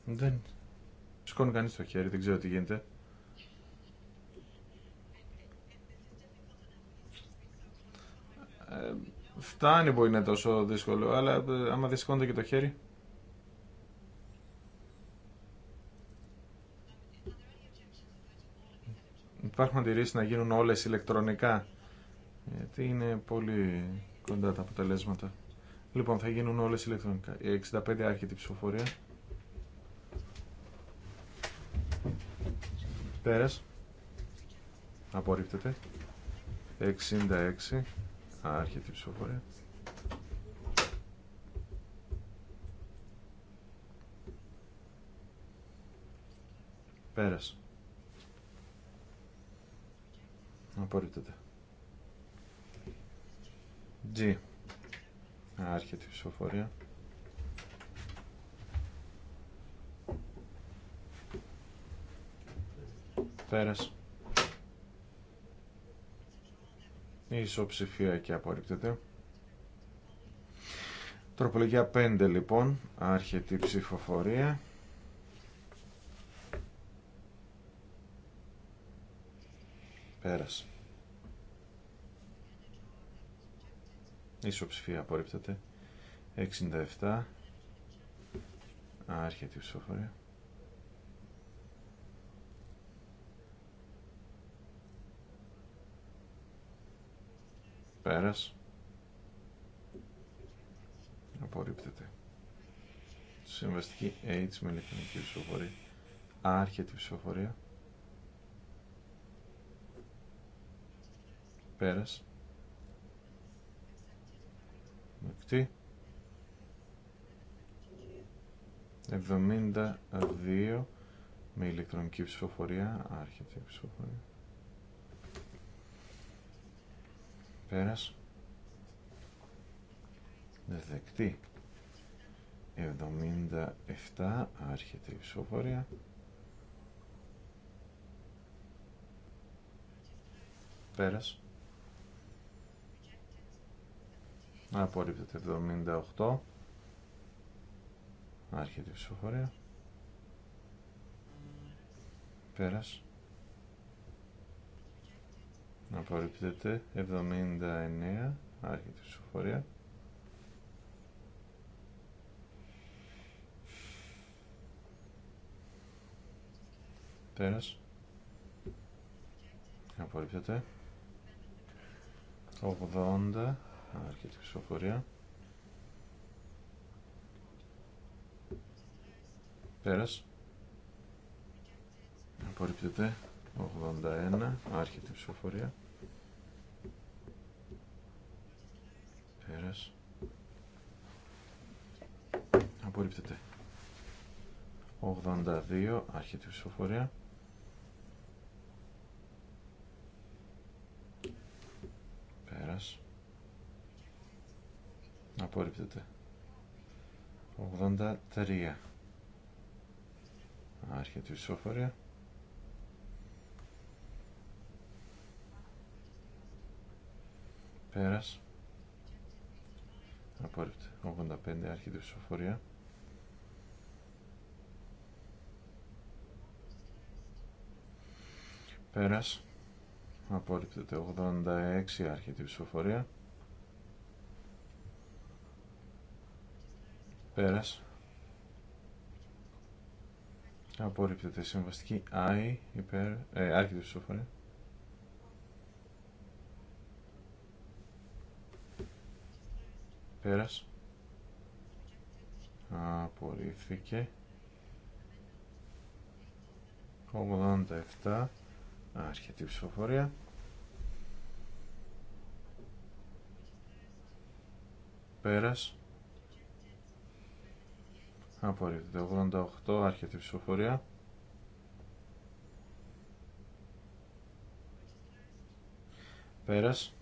S1: Δεν σηκώνει κανείς το χέρι, δεν ξέρω τι γίνεται. Ε, Φτάνει που είναι τόσο δύσκολο, αλλά ε, άμα δυσκόνται και το χέρι. Υπάρχουν αντιρρήσεις να γίνουν όλες ηλεκτρονικά, γιατί είναι πολύ κοντά τα αποτελέσματα. Λοιπόν, θα γίνουν όλες ηλεκτρονικά. Η 65 άρχεται η ψηφοφορία. Πέρας. Απορρίπτεται. 66. Άρχεται η ψηφοφορία. Πέρασε. Απορρίπτεται. G. Άρχεται η ψηφοφορία. Πέρασε. Η ισοψηφία και απορρίπτεται. Τροπολογία 5 λοιπόν, άρχεται η ψηφοφορία. Πέρασε. Ισοψηφία απορρίπτεται. 67. Άρχεται η ψηφοφορία. Πέρας. Απορρίπτεται. Συμβαστική H με ηλεκτρονική ψηφοφορία. Άρχεται η ψηφοφορία. Πέρας. Δεκτή. 72 με ηλεκτρονική ψηφοφορία. Άρχεται η ψηφοφορία. πέρας δεκτή 77 άρχεται η ψηφοφορία πέρας απορρίπτεται 78 άρχεται η ψηφοφορία πέρας απορρίπτεται 79 άρχεται η ψηφοφορία πέρας απορρίπτεται 80 άρχεται η ψηφοφορία πέρας απορρίπτεται 81 άρχεται η ψηφοφορία Πέρας. Απορρίπτεται. 82. Άρχεται ψηφοφορία. Πέρας. Απορρίπτεται. 83. Άρχεται ψηφοφορία. Πέρας. Απόρριπτε. 85 άρχιτε ψηφοφορία. Πέρας. το 86 άρχιτε ψηφοφορία. περα Απόρριπτε. Συμβαστική I υπέρ... Ε, ψηφοφορία. Πέρας. Απορρίφθηκε. 87. Άρχεται τη ψηφοφορία. Πέρας. Απορρίφθηκε. 88. Άρχεται τη ψηφοφορία. Πέρας.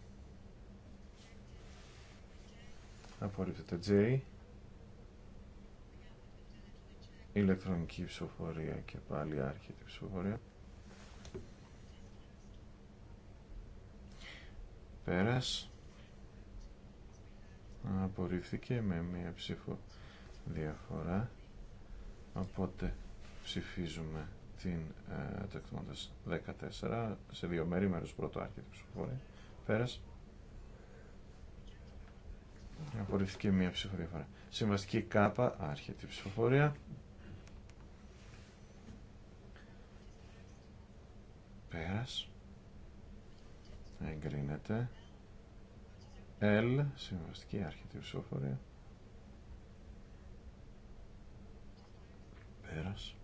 S1: το J. Ηλεκτρονική ψηφοφορία και πάλι άρχιτη ψηφοφορία. Πέρας. Απορρίφθηκε με μία ψήφο διαφορά. Οπότε ψηφίζουμε την ε, 14 σε δύο μέρη μέρος πρώτο άρχιτη ψηφοφορία. Πέρας. Απορριφθήκε μία ψηφοφορία φορά. Συμβαστική κάπα, άρχεται ψηφοφορία. Πέρας. Εγκρίνεται. L, συμβαστική άρχεται η ψηφοφορία. Πέρας.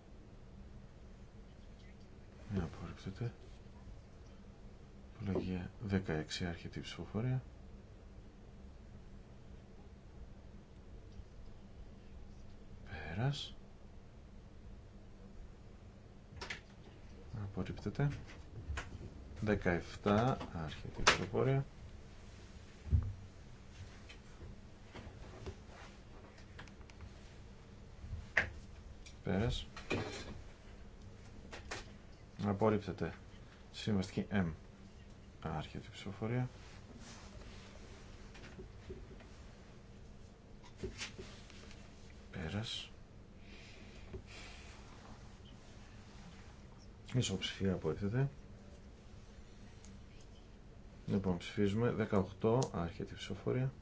S1: Να απορριφθείτε. Απολογία 16 άρχεται η ψηφοφορία. πέρας απορρίπτεται 17 άρχεται η ψηφοφορία πέρας απορρίπτεται συμβαστική M άρχεται η ψηφοφορία πέρας Ισοψηφία απορρίπτεται. Λοιπόν, ψηφίζουμε 18, άρχεται η ψηφοφορία.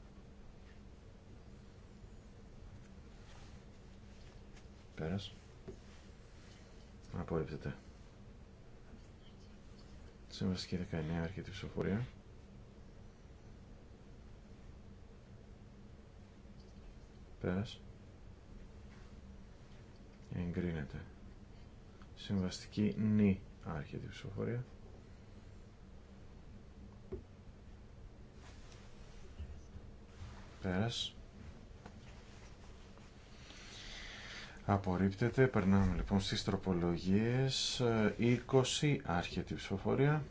S1: Πέρας. Απορρίπτεται. Συμβαστική 19, άρχεται η ψηφοφορία. Πέρας. Εγκρίνεται. Συμβαστική νη. Άρχεται ψηφοφορία. Πέρας. Απορρίπτεται. Περνάμε λοιπόν στις τροπολογίες. 20. Άρχεται ψηφοφορία.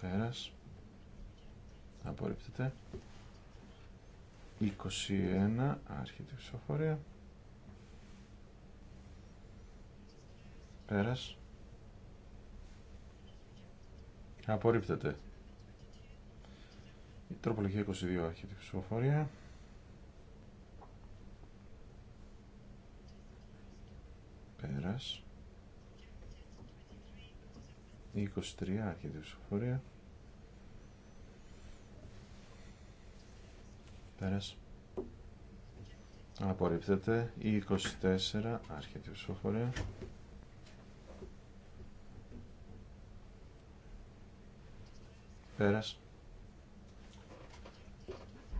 S1: Πέρας. Απορρίπτεται. 21 άρχεται ψηφοφορία πέρας απορρίπτεται η τροπολογία 22 άρχεται ψηφοφορία πέρας 23 άρχεται ψηφοφορία Πέρας. Απορρίπτεται. Η 24. Άρχεται η ψηφοφορία. Πέρας.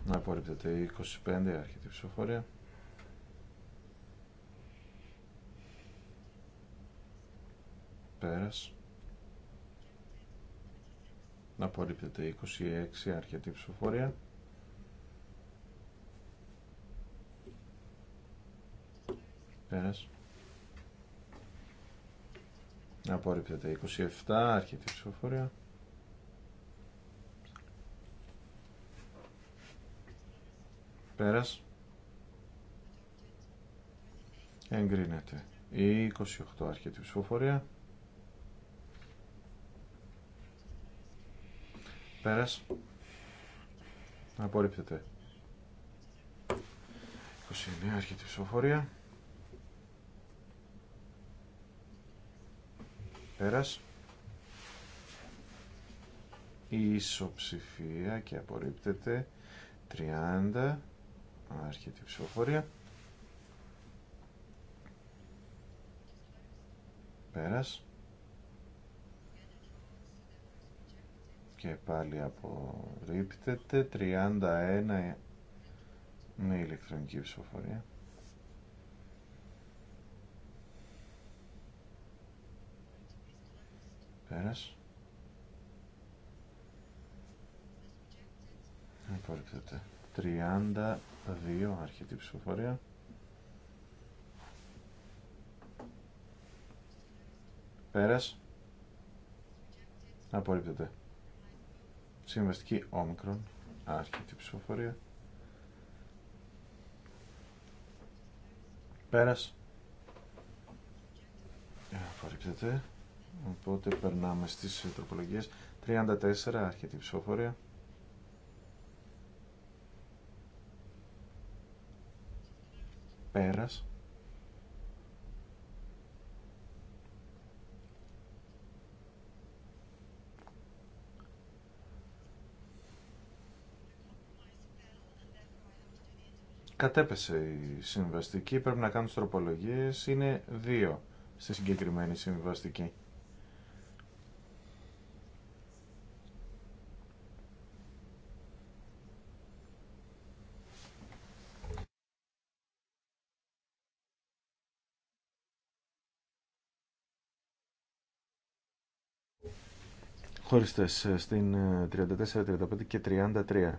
S1: Να απορρίπτεται η 25. Άρχεται ψηφοφορία. Πέρας. Να απορρίπτεται η 26. Άρχεται ψηφοφορία. Πέρας. Απορρίπτεται 27, αρχιτή ψηφοφορία. Πέρας. Εγκρίνεται. Η 28 αρχιτή ψηφοφορία. Πέρας. Απορρίπτεται. 29 αρχιτή ψηφοφορία. πέρας η ισοψηφία και απορρίπτεται 30 άρχεται η ψηφοφορία πέρας και πάλι απορρίπτεται 31 με ηλεκτρονική ψηφοφορία Πέρας. Απορρίπτεται. 32 αρχιτή ψηφοφορία. Πέρας. Απορρίπτεται. Συμβαστική όμικρον άρχιτη ψηφοφορία. Πέρας. Απορρίπτεται. Οπότε περνάμε στις τροπολογίες. 34, αρχιετή ψηφοφορία. Πέρας. Κατέπεσε η συμβαστική, πρέπει να κάνουν τροπολογίες, είναι δύο στη συγκεκριμένη συμβαστική. χωριστές ε, στην 34, ε, 35 και 33.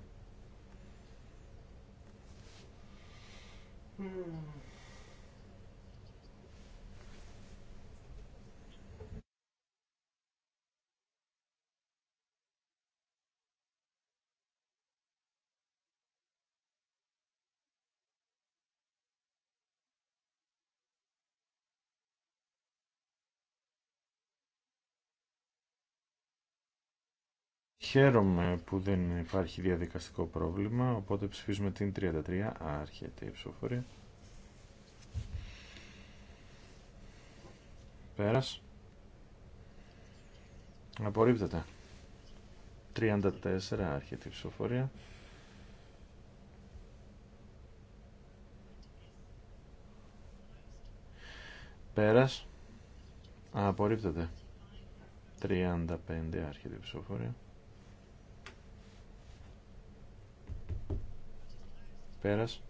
S1: Χαίρομαι που δεν υπάρχει διαδικαστικό πρόβλημα, οπότε ψηφίζουμε την 33, άρχεται η ψηφοφορία. Πέρας. Απορρίπτεται. 34, άρχεται η ψηφοφορία. Πέρας. Απορρίπτεται. 35, άρχεται η ψηφοφορία. Πέρας.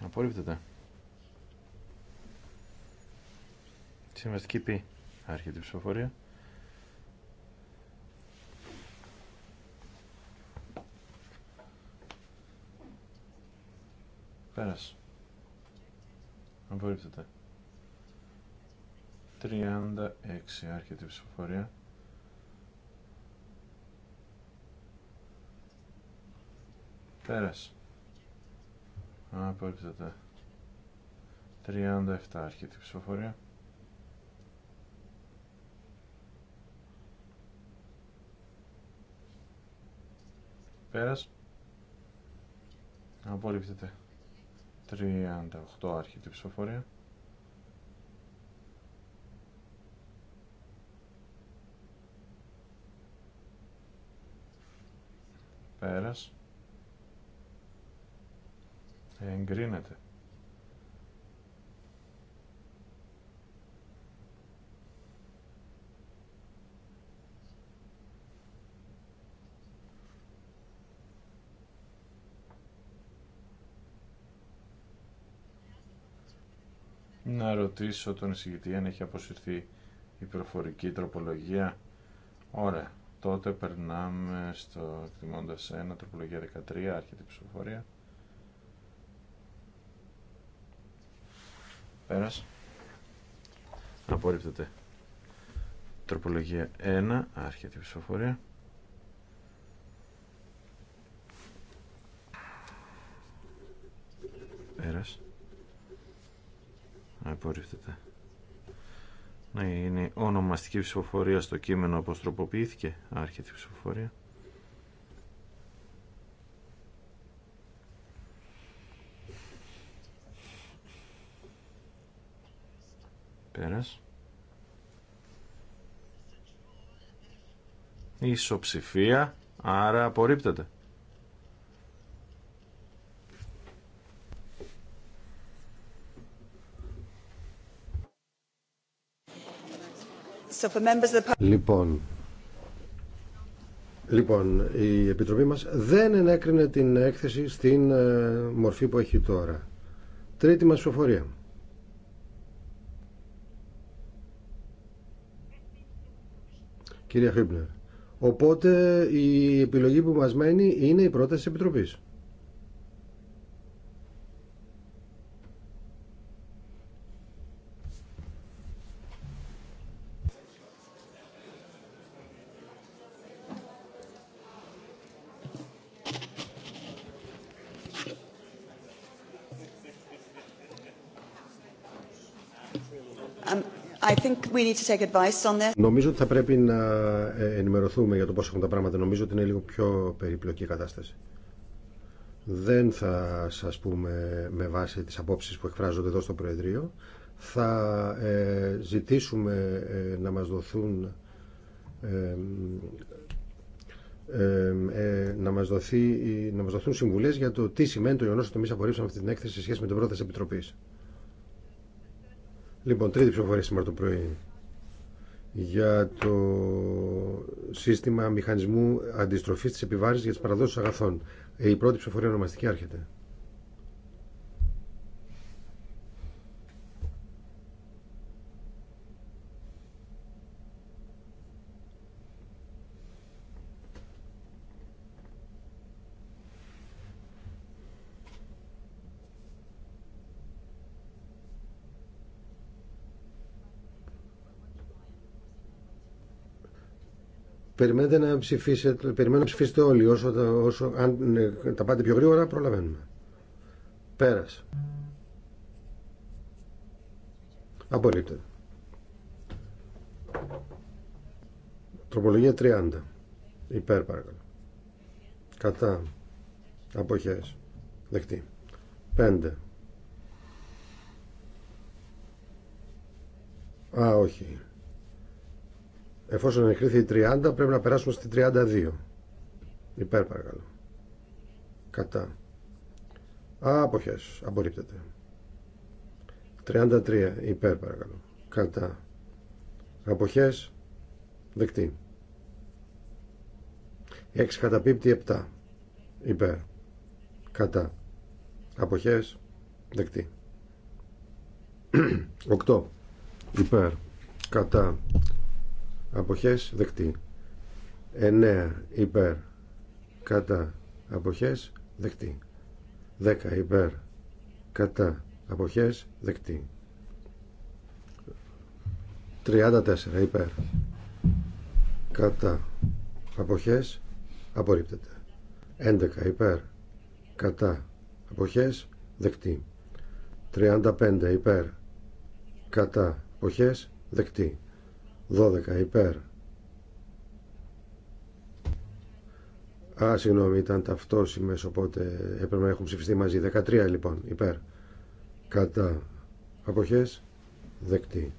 S1: Απορρίπτεται. Συμβαστική πι. Άρχεται η ψηφοφορία. Πέρας. Απορρίπτεται. 36 άρχεται η ψηφοφορία. Πέρας. Απορρίπτεται. 37 αρχή ψηφοφορία. Πέρας. Απόλυπτεται 38 αρχή ψηφοφορία. Πέρας. Ε, εγκρίνεται. Να ρωτήσω τον εισηγητή αν έχει αποσυρθεί η προφορική τροπολογία. Ωραία. Τότε περνάμε στο εκτιμώντας 1, τροπολογία 13, άρχεται η ψηφοφορία. Πέρας. Απορρίπτεται. Τροπολογία 1. Άρχεται η ψηφοφορία. Πέρας. Απορρίπτεται. Ναι, είναι ονομαστική ψηφοφορία στο κείμενο όπως τροποποιήθηκε. Άρχεται η ψηφοφορία. Πέρας. Ισοψηφία, άρα απορρίπτεται.
S2: Λοιπόν, λοιπόν, η Επιτροπή μας δεν ενέκρινε την έκθεση στην ε, μορφή που έχει τώρα. Τρίτη μας ψηφοφορία. κυρία Χρύπνερ. Οπότε η επιλογή που μας μένει είναι η πρόταση της Επιτροπής. Νομίζω ότι θα πρέπει να ε, ενημερωθούμε για το πώς έχουν τα πράγματα. Νομίζω ότι είναι λίγο πιο περιπλοκή η κατάσταση. Δεν θα σας πούμε με βάση τις απόψεις που εκφράζονται εδώ στο Προεδρείο. Θα ε, ζητήσουμε ε, να μας δοθούν ε, να, μας δοθεί, να μας δοθούν συμβουλές για το τι σημαίνει το γεγονός ότι εμεί απορρίψαμε αυτή την έκθεση σε σχέση με την πρόταση επιτροπής. Λοιπόν, τρίτη ψηφοφορία σήμερα το πρωί για το σύστημα μηχανισμού αντιστροφής της επιβάρησης για τις παραδόσεις αγαθών. Η πρώτη ψηφοφορία ονομαστική άρχεται. Περιμένετε να ψηφίσετε, περιμένω να ψηφίσετε όλοι. Όσο, όσο, αν ναι, τα πάτε πιο γρήγορα, προλαβαίνουμε. Πέρας. Απολύτω. Τροπολογία 30. Υπέρ παρακαλώ. Κατά. Αποχές. Δεκτή. 5. Α, όχι. Εφόσον ενεκρίθη η 30 πρέπει να περάσουμε στη 32. Υπέρ παρακαλώ. Κατά. Αποχές. Απορρίπτεται. 33. Υπέρ παρακαλώ. Κατά. Αποχές. Δεκτή. 6 καταπίπτει 7. Υπέρ. Κατά. Αποχές. Δεκτή. 8. Υπέρ. Κατά αποχές δεκτή 9 υπέρ κατά αποχές δεκτή 10 υπέρ κατά αποχές δεκτή 34 υπέρ κατά αποχές απορρίπτεται 11 υπέρ κατά αποχές δεκτή 35 υπέρ κατά αποχές δεκτή 12 υπέρ. Α, συγγνώμη, ήταν ταυτόσιμες, οπότε έπρεπε να έχουν ψηφιστεί μαζί. 13 λοιπόν, υπέρ. Κατά. Αποχές. Δεκτή.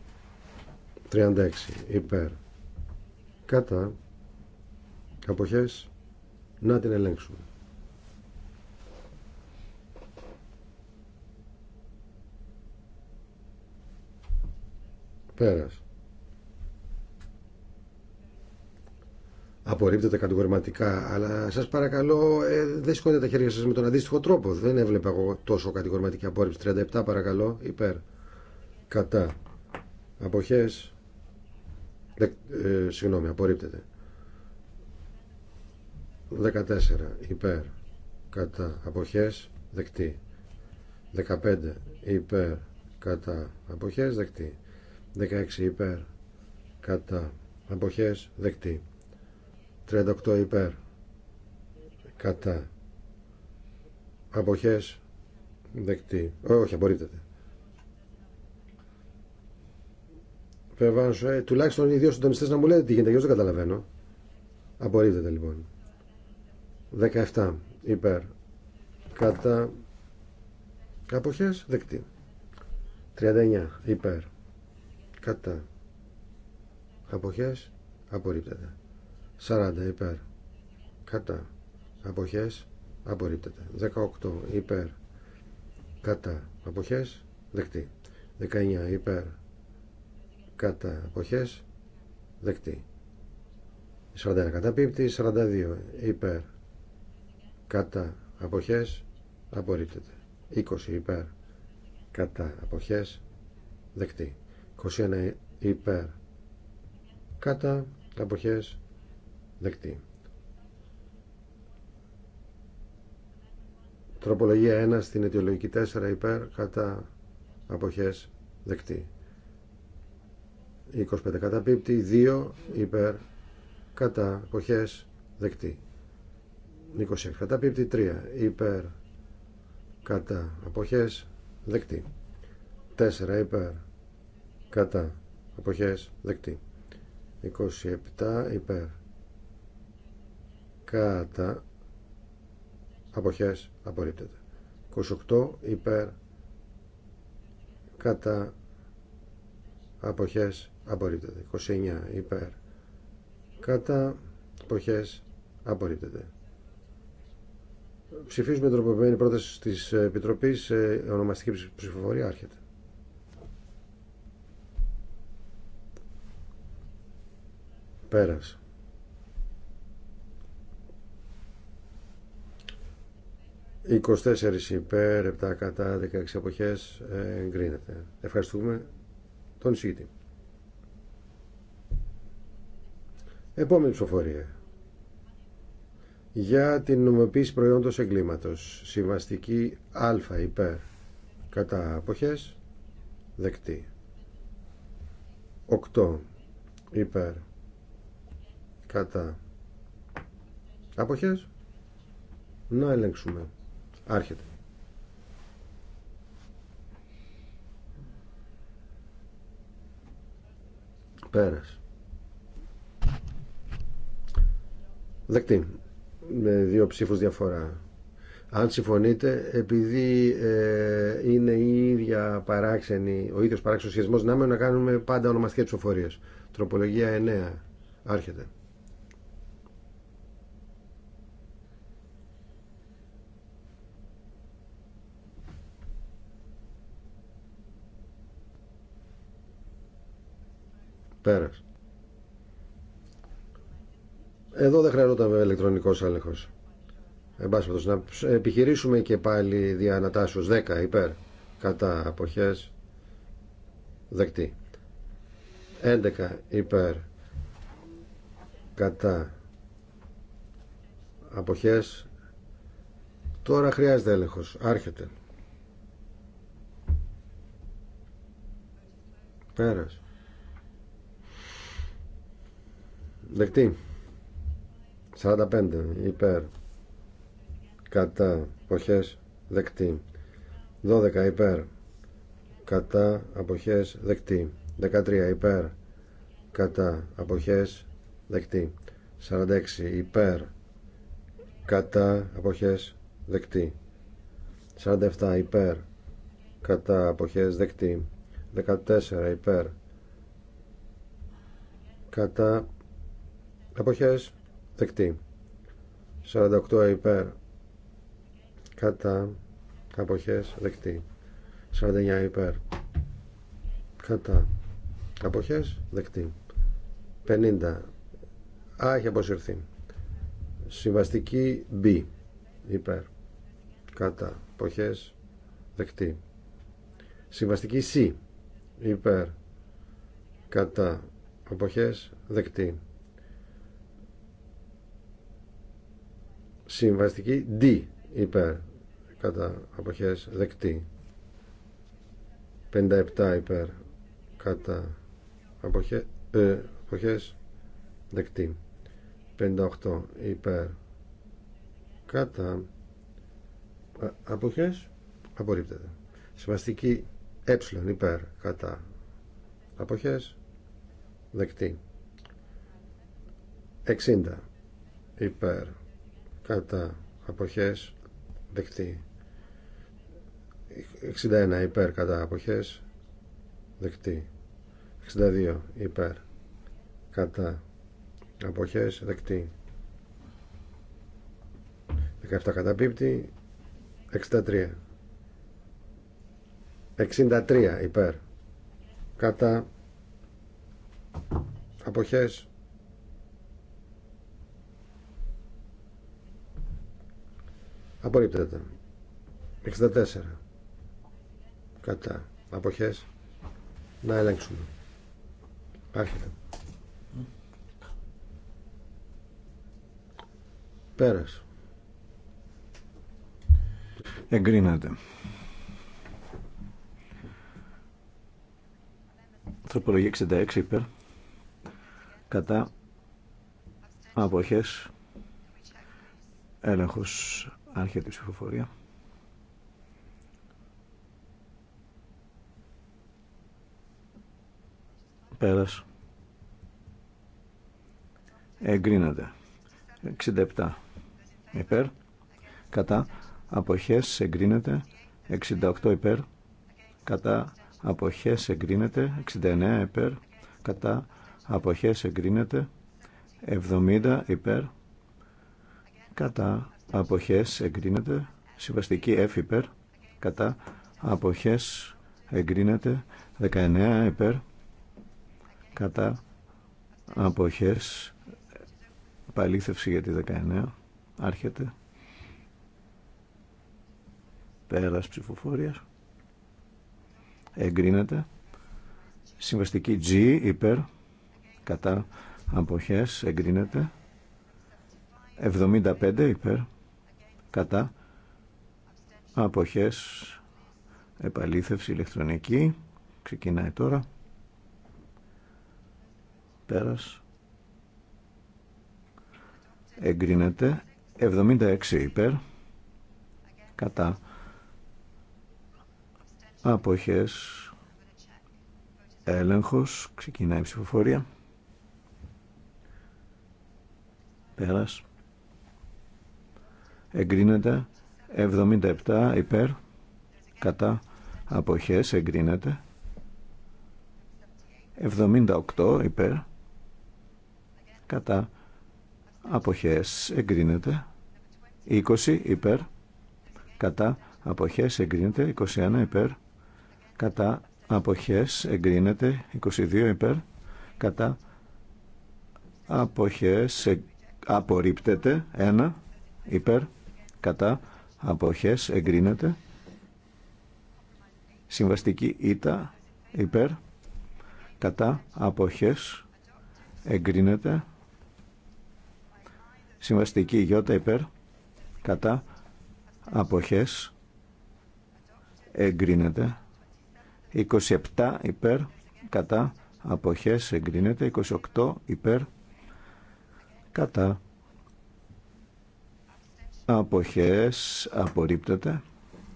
S2: 36 υπέρ. Κατά. Αποχές. Να την ελέγξουμε. Πέρας. απορρίπτεται κατηγορηματικά, αλλά σας παρακαλώ ε, δεν σηκώνετε τα χέρια σας με τον αντίστοιχο τρόπο. Δεν έβλεπα εγώ τόσο κατηγορηματική απόρριψη. 37 παρακαλώ, υπέρ. Κατά. Αποχές. Ε, συγγνώμη, απορρίπτεται. 14 υπέρ. Κατά. Αποχές. Δεκτή. 15 υπέρ. Κατά. Αποχές. Δεκτή. 16 υπέρ. Κατά. Αποχές. Δεκτή. 38 υπέρ κατά αποχές δεκτή όχι απορρίπτεται ε, τουλάχιστον οι δύο συντονιστέ να μου λέτε τι γίνεται, γιατί δεν καταλαβαίνω. Απορρίπτεται λοιπόν. 17 υπέρ κατά αποχές δεκτή. 39 υπέρ κατά αποχές απορρίπτεται. 40 υπέρ κατά αποχές απορρίπτεται 18 υπέρ κατά αποχές δεκτή 19 υπέρ κατά αποχές δεκτή 41 καταπίπτει 42 υπέρ κατά αποχές απορρίπτεται 20 υπέρ κατά αποχές δεκτή 21 υπέρ κατά αποχές Δεκτή. Τροπολογία 1 στην αιτιολογική 4 υπέρ κατά αποχές δεκτή. 25 κατά πίπτη, 2 υπέρ κατά αποχές δεκτή. 26 κατά πίπτη, 3 υπέρ κατά αποχές δεκτή. 4 υπέρ κατά αποχές δεκτή. 27 υπέρ κατά αποχές απορρίπτεται 28 υπέρ κατά αποχές απορρίπτεται 29 υπέρ κατά αποχές απορρίπτεται ψηφίζουμε τροποποιημένη πρόταση της Επιτροπής σε ονομαστική ψηφοφορία άρχεται πέρασε 24 υπέρ, 7 κατά, 16 αποχές, εγκρίνεται. Ευχαριστούμε τον εισηγητή. Επόμενη ψηφοφορία. Για την νομοποίηση προϊόντος εγκλήματος. Συμβαστική α υπέρ, κατά αποχές, δεκτή. 8 υπέρ, κατά αποχές, να ελέγξουμε. Άρχεται. Πέρας. Δεκτή. Με δύο ψήφους διαφορά. Αν συμφωνείτε, επειδή ε, είναι η ίδια παράξενη, ο ίδιος παράξενος σχεσμός, να να κάνουμε πάντα ονομαστικές ψηφοφορίες. Τροπολογία 9. Άρχεται. Πέρας. Εδώ δεν χρειαζόταν βέβαια ηλεκτρονικό έλεγχο. Εν να επιχειρήσουμε και πάλι δια ανατάσσεω 10 υπέρ κατά αποχέ δεκτή. 11 υπέρ κατά αποχέ. Τώρα χρειάζεται έλεγχο. Άρχεται. Πέρας. Δεκτή. 45 υπέρ. Κατά αποχές δεκτή. 12 υπέρ. Κατά αποχές δεκτή. 13 υπέρ. Κατά αποχές δεκτή. 46 υπέρ. Κατά αποχές δεκτή. 47 υπέρ. Κατά αποχές δεκτή. 14 υπέρ. Κατά Αποχές δεκτή. 48 υπέρ κατά αποχές δεκτή. 49 υπέρ κατά αποχές δεκτή. 50. Α, έχει αποσυρθεί. Συμβαστική B υπέρ κατά αποχές δεκτή. Συμβαστική C υπέρ κατά αποχές δεκτή. Συμβαστική D υπέρ κατά αποχές δεκτή 57 υπέρ κατά αποχέ, ε, αποχές δεκτή 58 υπέρ κατά ε, αποχές απορρίπτεται συμβαστική ε υπέρ κατά αποχές δεκτή 60 υπέρ κατά αποχές δεκτή 61 υπέρ κατά αποχές δεκτή 62 υπέρ κατά αποχές δεκτή 17 κατά πίπτη 63 63 υπέρ κατά αποχές Απορρίπτεται. 64. Κατά. Αποχές. Να ελέγξουμε.
S3: Άρχεται. Πέρας. Εγκρίνεται. Τροπολογία 66 υπέρ. Κατά. Αποχές. Έλεγχος Άρχεται η ψηφοφορία. Πέρας. Εγκρίνεται. 67 υπέρ. Κατά. Αποχές εγκρίνεται. 68 υπέρ. Κατά. Αποχές εγκρίνεται. 69 υπέρ. Κατά. Αποχές εγκρίνεται. 70 υπέρ. Κατά αποχές εγκρίνεται. Συμβαστική F υπέρ κατά αποχές εγκρίνεται. 19 υπέρ κατά αποχές παλήθευση για τη 19 άρχεται πέρας ψηφοφόρια. εγκρίνεται συμβαστική G υπέρ κατά αποχές εγκρίνεται 75 υπέρ κατά αποχές επαλήθευση ηλεκτρονική ξεκινάει τώρα πέρας εγκρίνεται 76 υπέρ κατά αποχές έλεγχος ξεκινάει η ψηφοφορία πέρας εγκρίνεται 77 υπέρ κατά αποχές εγκρίνεται 78 υπέρ κατά αποχές εγκρίνεται 20 υπέρ κατά αποχές εγκρίνεται 21 υπέρ κατά αποχές εγκρίνεται 22 υπέρ κατά αποχές απορρίπτεται 1 υπέρ κατά αποχές εγκρίνεται συμβαστική ήτα υπέρ κατά αποχές εγκρίνεται συμβαστική γιώτα υπέρ κατά αποχές εγκρίνεται 27 υπέρ κατά αποχές εγκρίνεται 28 υπέρ κατά αποχές απορρίπτεται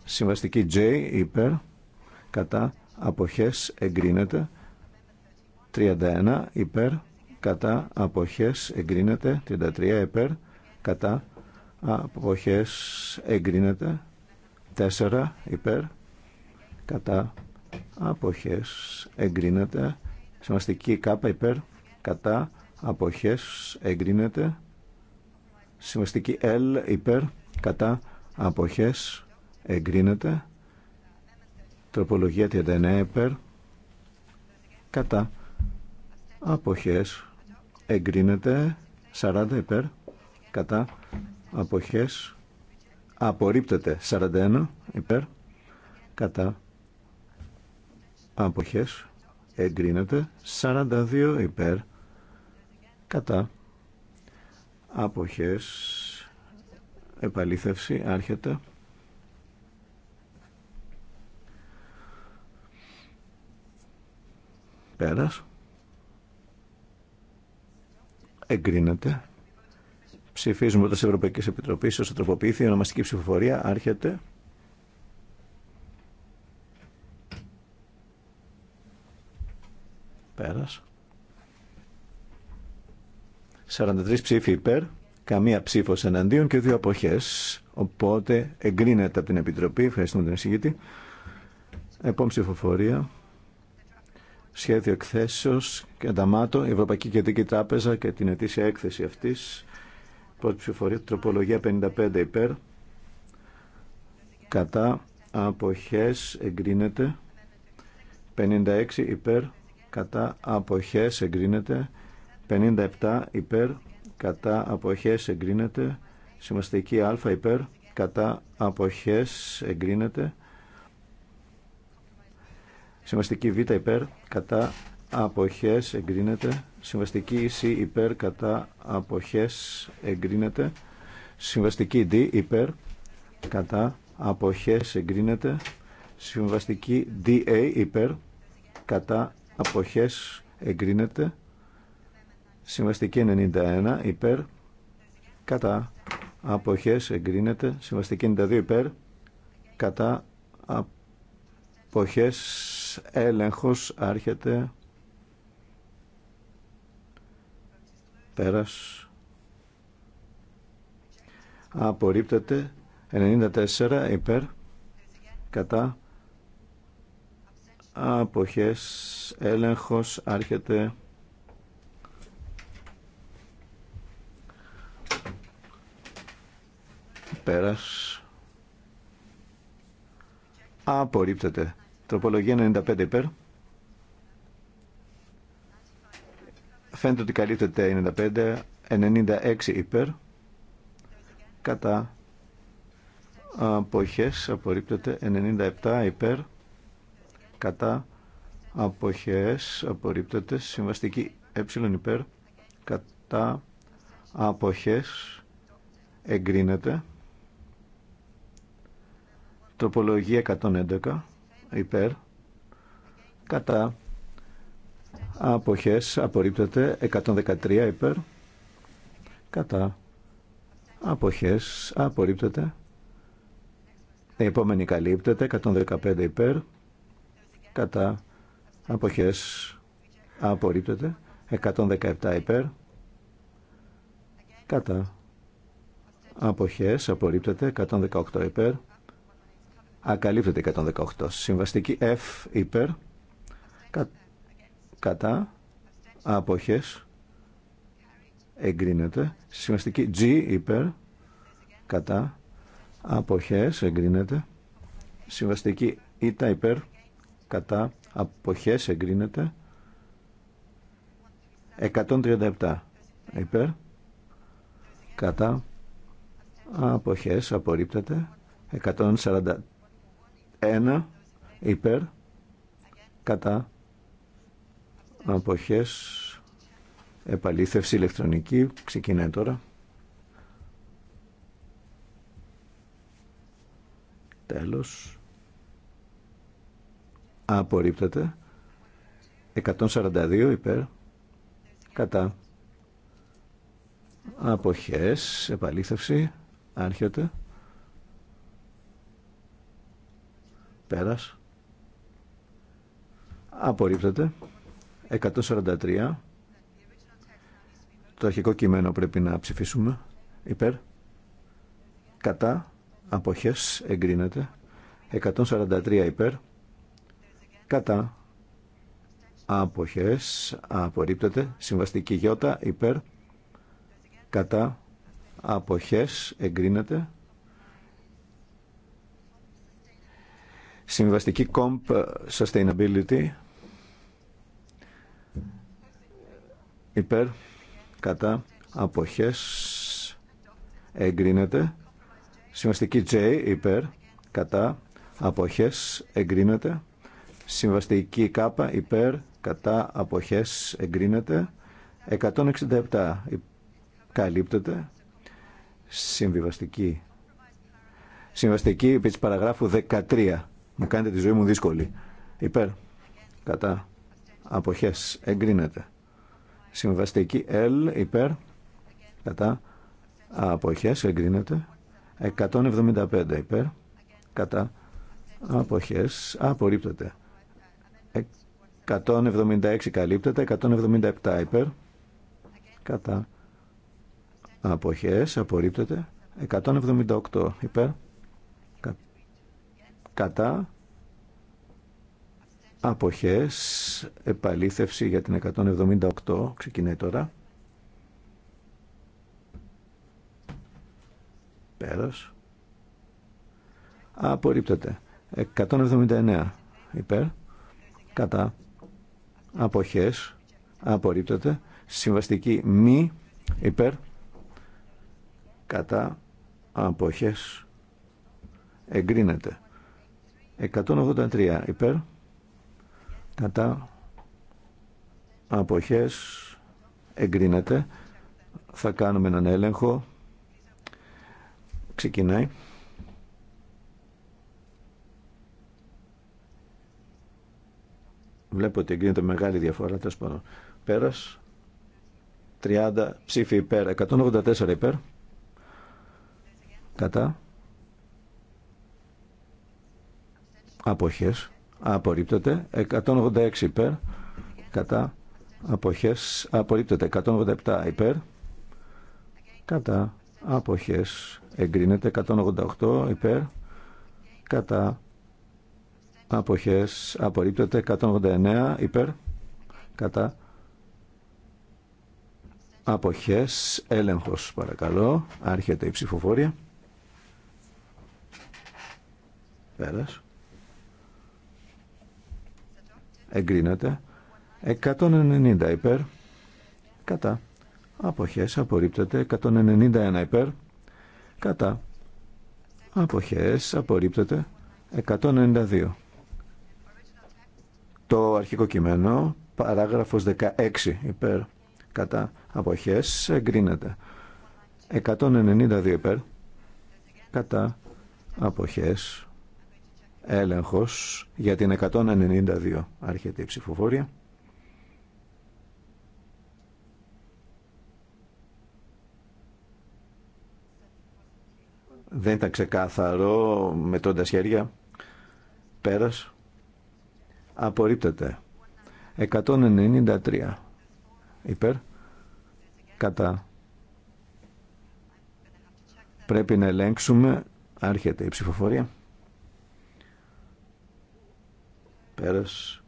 S3: συμβαστική J υπέρ κατά αποχές εγκρίνεται 31 υπέρ κατά αποχές εγκρίνεται 33 υπέρ κατά αποχές εγκρίνεται 4 υπέρ κατά αποχές εγκρίνεται συμβαστική K υπέρ κατά αποχές εγκρίνεται Συμβαστική L υπέρ κατά αποχές εγκρίνεται. Τροπολογία 39 υπέρ κατά αποχές εγκρίνεται. 40 υπέρ κατά αποχές απορρίπτεται. 41 υπέρ κατά αποχές εγκρίνεται. 42 υπέρ κατά αποχές επαλήθευση άρχεται πέρας εγκρίνεται ψηφίζουμε τι Ευρωπαϊκή Επιτροπή όσο τροποποιήθη η ονομαστική ψηφοφορία άρχεται πέρας 43 ψήφοι υπέρ, καμία ψήφος εναντίον και δύο αποχές. Οπότε εγκρίνεται από την Επιτροπή. Ευχαριστούμε τον εισηγητή. Επόμενη ψηφοφορία. Σχέδιο εκθέσεως και ανταμάτω. Η Ευρωπαϊκή Κεντρική Τράπεζα και την ετήσια έκθεση αυτής. Πρώτη ψηφοφορία. Τροπολογία 55 υπέρ. Κατά αποχές εγκρίνεται. 56 υπέρ. Κατά αποχές εγκρίνεται. 57 υπέρ κατά αποχές εγκρίνεται σημαστική α υπέρ κατά αποχές εγκρίνεται Συμβαστική Β υπέρ κατά αποχές εγκρίνεται. Συμβαστική Σ υπέρ κατά αποχές εγκρίνεται. Συμβαστική D υπέρ κατά αποχές εγκρίνεται. Συμβαστική DA ε υπέρ κατά αποχές εγκρίνεται. Συμβαστική 91 υπέρ. Κατά αποχές εγκρίνεται. Συμβαστική 92 υπέρ. Κατά αποχές έλεγχος άρχεται. Πέρας. Απορρίπτεται. 94 υπέρ. Κατά αποχές έλεγχος άρχεται πέρας απορρίπτεται τροπολογία 95 υπέρ φαίνεται ότι καλύπτεται 95 96 υπέρ κατά αποχές απορρίπτεται 97 υπέρ κατά αποχές απορρίπτεται συμβαστική ε υπέρ κατά αποχές εγκρίνεται τοπολογία 111 υπέρ κατά αποχές απορρίπτεται 113 υπέρ κατά αποχές απορρίπτεται η επόμενη καλύπτεται 115 υπέρ κατά αποχές απορρίπτεται 117 υπέρ κατά αποχές απορρίπτεται 118 υπέρ Ακαλύπτεται 118. Συμβαστική F υπέρ. κατά. Αποχές. Εγκρίνεται. Συμβαστική G υπέρ. Κατά. Αποχές. Εγκρίνεται. Συμβαστική Ήτα υπέρ. Κατά. Αποχές. Εγκρίνεται. 137 υπέρ. Κατά. Αποχές. Απορρίπτεται ένα υπέρ κατά αποχές επαλήθευση ηλεκτρονική ξεκινάει τώρα τέλος απορρίπτεται 142 υπέρ κατά αποχές επαλήθευση άρχεται Πέρας. Απορρίπτεται. 143. Το αρχικό κείμενο πρέπει να ψηφίσουμε. Υπέρ. Κατά. Αποχές. Εγκρίνεται. 143 υπέρ. Κατά. Αποχές. Απορρίπτεται. Συμβαστική γιώτα υπέρ. Κατά. Αποχές. Εγκρίνεται. Συμβαστική Comp ε, Sustainability. Υπέρ, κατά, αποχές, εγκρίνεται. Συμβαστική J, υπέρ, κατά, αποχές, εγκρίνεται. Συμβαστική K, υπέρ, κατά, αποχές, εγκρίνεται. 167, καλύπτεται. Συμβιβαστική. Συμβαστική επί της παραγράφου 13 μου κάνετε τη ζωή μου δύσκολη. Υπέρ. Κατά. Αποχέ. Εγκρίνεται. Συμβαστική L. Υπέρ. Κατά. Αποχέ, Εγκρίνεται. 175 υπέρ. Κατά. Αποχέ. Απορρίπτεται. 176 καλύπτεται. 177 υπέρ. Κατά. Αποχές. Απορρίπτεται. 178 υπέρ κατά αποχές επαλήθευση για την 178 ξεκινάει τώρα πέρας απορρίπτεται 179 υπέρ κατά αποχές απορρίπτεται συμβαστική μη υπέρ κατά αποχές εγκρίνεται 183 υπέρ κατά αποχές εγκρίνεται θα κάνουμε έναν έλεγχο ξεκινάει βλέπω ότι εγκρίνεται μεγάλη διαφορά τέλος πάνω πέρας 30 ψήφοι υπέρ 184 υπέρ κατά αποχές Απορρίπτονται. 186 υπέρ κατά αποχές Απορρίπτονται. 187 υπέρ κατά αποχές εγκρίνεται 188 υπέρ κατά αποχές Απορρίπτονται. 189 υπέρ κατά αποχές έλεγχος παρακαλώ άρχεται η ψηφοφορία πέρας εγκρίνεται 190 υπέρ κατά αποχές απορρίπτεται 191 υπέρ κατά αποχές απορρίπτεται 192 το αρχικό κείμενο παράγραφος 16 υπέρ κατά αποχές εγκρίνεται 192 υπέρ κατά αποχές έλεγχος για την 192 άρχεται η ψηφοφόρια. Δεν ήταν ξεκάθαρο με τόντας χέρια. Πέρας. Απορρίπτεται. 193. Υπέρ. Κατά. Πρέπει να ελέγξουμε. Άρχεται η ψηφοφορία. Πέρας.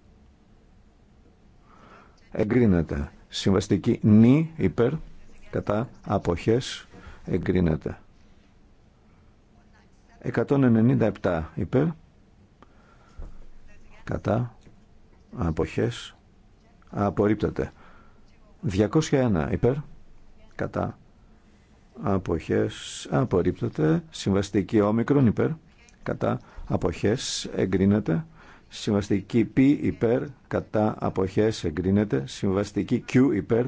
S3: Εγκρίνεται. Συμβαστική νη υπέρ κατά αποχές εγκρίνεται. 197 υπέρ κατά αποχές απορρίπτεται. 201 υπέρ κατά αποχές απορρίπτεται. Συμβαστική όμικρον υπέρ κατά αποχές εγκρίνεται. Συμβαστική P υπέρ κατά αποχές εγκρίνεται. Συμβαστική Q υπέρ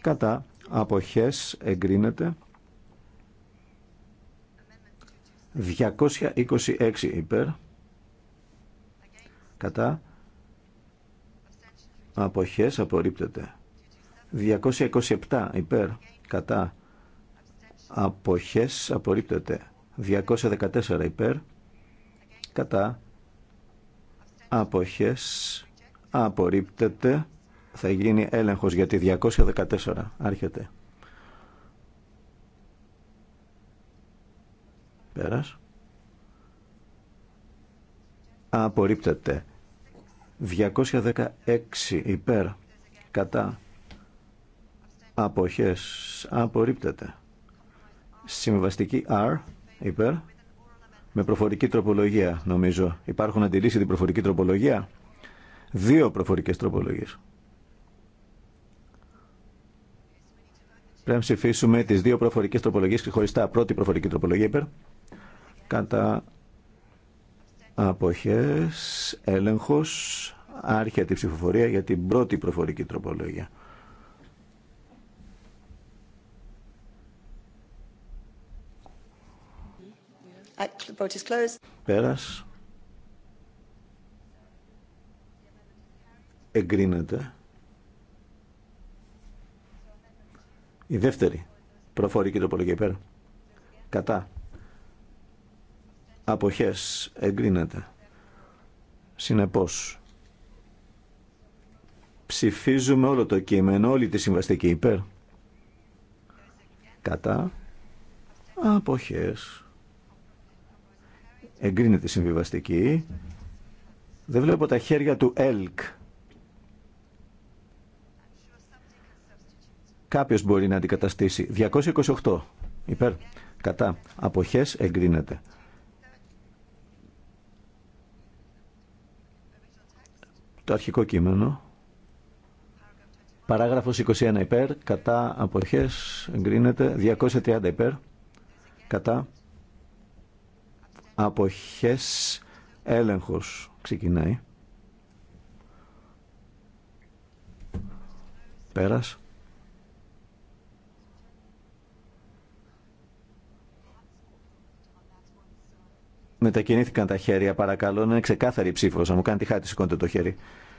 S3: κατά αποχές εγκρίνεται. 226 υπέρ κατά αποχές απορρίπτεται. 227 υπέρ κατά αποχές απορρίπτεται. 214 υπέρ κατά αποχές απορρίπτεται θα γίνει έλεγχος για τη 214 άρχεται πέρας απορρίπτεται 216 υπέρ κατά αποχές απορρίπτεται συμβαστική R υπέρ με προφορική τροπολογία, νομίζω. Υπάρχουν αντιλήσει την προφορική τροπολογία. Δύο προφορικές τροπολογίες. Πρέπει να ψηφίσουμε τις δύο προφορικές τροπολογίες ξεχωριστά. Πρώτη προφορική τροπολογία υπέρ. Κατά αποχές, έλεγχος, άρχια τη ψηφοφορία για την πρώτη προφορική τροπολογία. Πέρας. Εγκρίνεται. Η δεύτερη. Προφορική τροπολογία υπέρ Κατά. Αποχές. Εγκρίνεται. Συνεπώς. Ψηφίζουμε όλο το κείμενο, όλη τη συμβαστική υπέρ. Κατά. Αποχές Εγκρίνεται συμβιβαστική. Δεν βλέπω τα χέρια του ΕΛΚ. Κάποιος μπορεί να αντικαταστήσει. 228. Υπέρ. Κατά. Αποχές εγκρίνεται. Το αρχικό κείμενο. Παράγραφος 21 υπέρ. Κατά. Αποχές εγκρίνεται. 230 υπέρ. Κατά αποχές έλεγχος ξεκινάει. Πέρας. Μετακινήθηκαν τα χέρια, παρακαλώ, να είναι ξεκάθαρη η ψήφος. Να μου κάνει τη χάτη, σηκώντε το χέρι.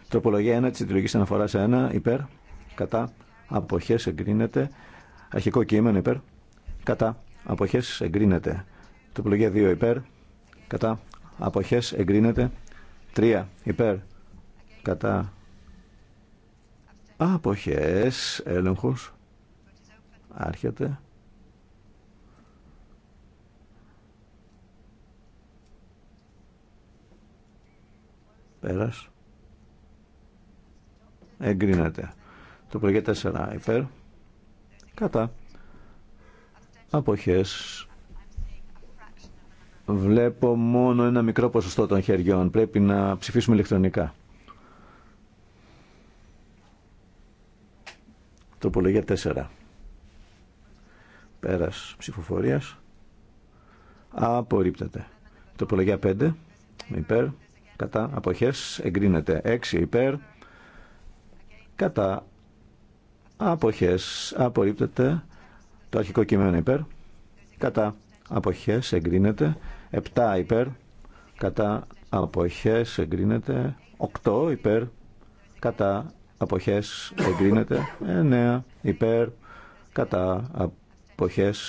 S3: Τροπολογία 1 της συντηλογής αναφοράς 1, υπέρ, κατά, αποχές εγκρίνεται. Αρχικό κείμενο υπέρ, κατά, αποχές εγκρίνεται. Τροπολογία 2 υπέρ, κατά αποχές εγκρίνεται τρία υπέρ κατά αποχές έλεγχος άρχεται πέρας εγκρίνεται το 4 υπέρ κατά αποχές Βλέπω μόνο ένα μικρό ποσοστό των χεριών. Πρέπει να ψηφίσουμε ηλεκτρονικά. Τροπολογία 4. Πέρας ψηφοφορίας. Απορρίπτεται. Τροπολογία 5. Υπέρ. Κατά. Αποχές. Εγκρίνεται. 6. Υπέρ. Κατά. Αποχές. Απορρίπτεται. Το αρχικό κείμενο υπέρ. Κατά. Αποχές. Εγκρίνεται. 7 υπέρ κατά αποχές εγκρίνεται 8 υπέρ κατά αποχές εγκρίνεται 9 υπέρ κατά αποχές